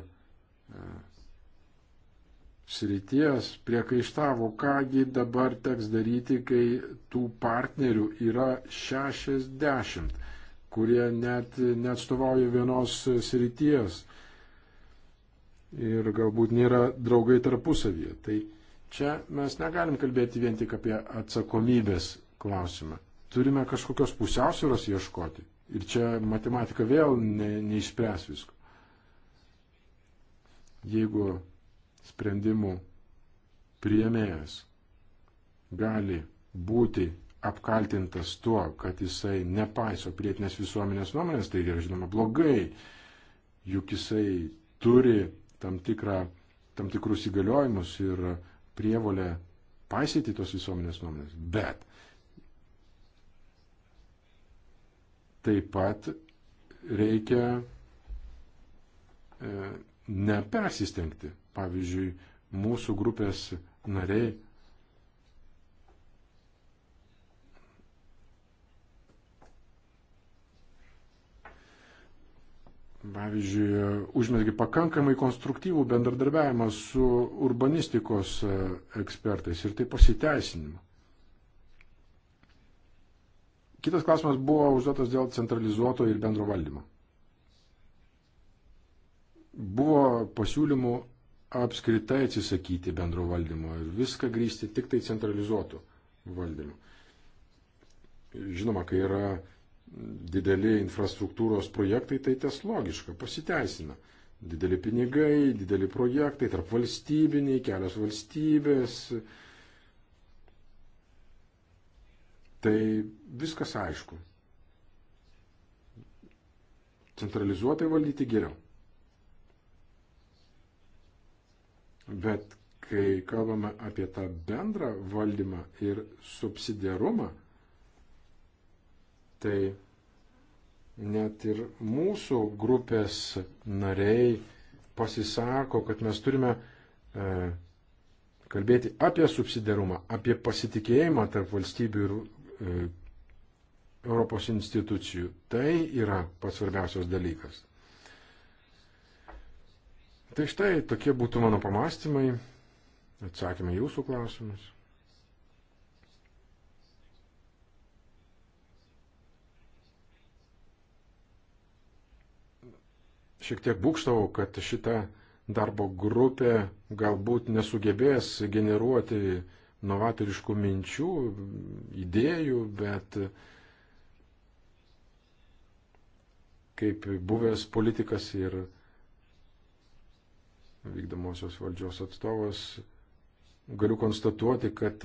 srities priekaištavo, kągi dabar teks daryti, kai tų partnerių yra 60, kurie net neatstovauja vienos srities ir galbūt nėra draugai tarpusavyje. Tai čia mes negalim kalbėti vien tik apie atsakomybės klausimą. Turime kažkokios pusiausvėros ieškoti. Ir čia matematika vėl ne, neišspręs visko. Jeigu sprendimų priemėjas gali būti apkaltintas tuo, kad jisai nepaiso prietinės visuomenės nuomonės, tai yra žinoma blogai, juk jisai turi tam, tikrą, tam tikrus įgaliojimus ir prievolę paisyti tos visuomenės nuomonės. Bet Taip pat reikia e, nepersistengti. Pavyzdžiui, mūsų grupės nariai pavyzdžiui, užmesgi pakankamai konstruktyvų bendradarbiavimą su urbanistikos e, ekspertais ir tai pasiteisinimu. Kitas klausimas buvo užduotas dėl centralizuoto ir bendro valdymo. Buvo pasiūlymų apskritai atsisakyti bendro valdymo ir viską grįsti tik tai centralizuotų valdymų. Žinoma, kai yra dideli infrastruktūros projektai, tai tas logiška, pasiteisina. Dideli pinigai, dideli projektai, tarp valstybiniai, kelios valstybės, valstybės Tai viskas aišku. Centralizuotai valdyti geriau. Bet kai kalbame apie tą bendrą valdymą ir subsidiarumą, tai net ir mūsų grupės nariai pasisako, kad mes turime e, kalbėti apie subsidiarumą, apie pasitikėjimą tarp valstybių ir E, Europos institucijų. Tai yra pats svarbiausias dalykas. Tai štai tokie būtų mano pamastymai, atsakymai jūsų klausimus. Šiek tiek būkštau, kad šita darbo grupė galbūt nesugebės generuoti novatoriškų minčių, idėjų, bet kaip buvęs politikas ir vykdomosios valdžios atstovas galiu konstatuoti, kad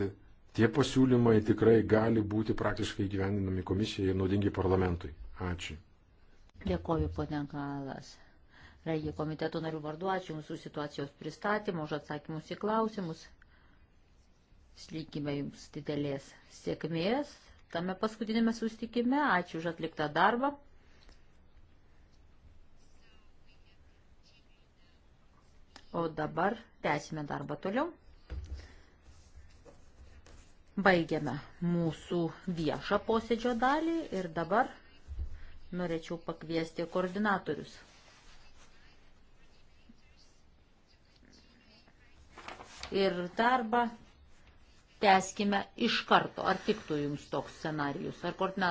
tie pasiūlymai tikrai gali būti praktiškai gyvendinami komisijai ir naudingi parlamentui. Ačiū. Dėkoju, ponė Galas. Regijų komiteto narių vardu ačiū Jums už situacijos pristatymą, už atsakymus į klausimus. Linkime Jums didelės sėkmės tame paskutinėme sustikime. Ačiū už atliktą darbą. O dabar tęsime darbą toliau. Baigiame mūsų viešą posėdžio dalį ir dabar norėčiau pakviesti koordinatorius. Ir darbą teskime iš karto. Ar tiktų jums toks scenarijus? Ar koordinatoriai?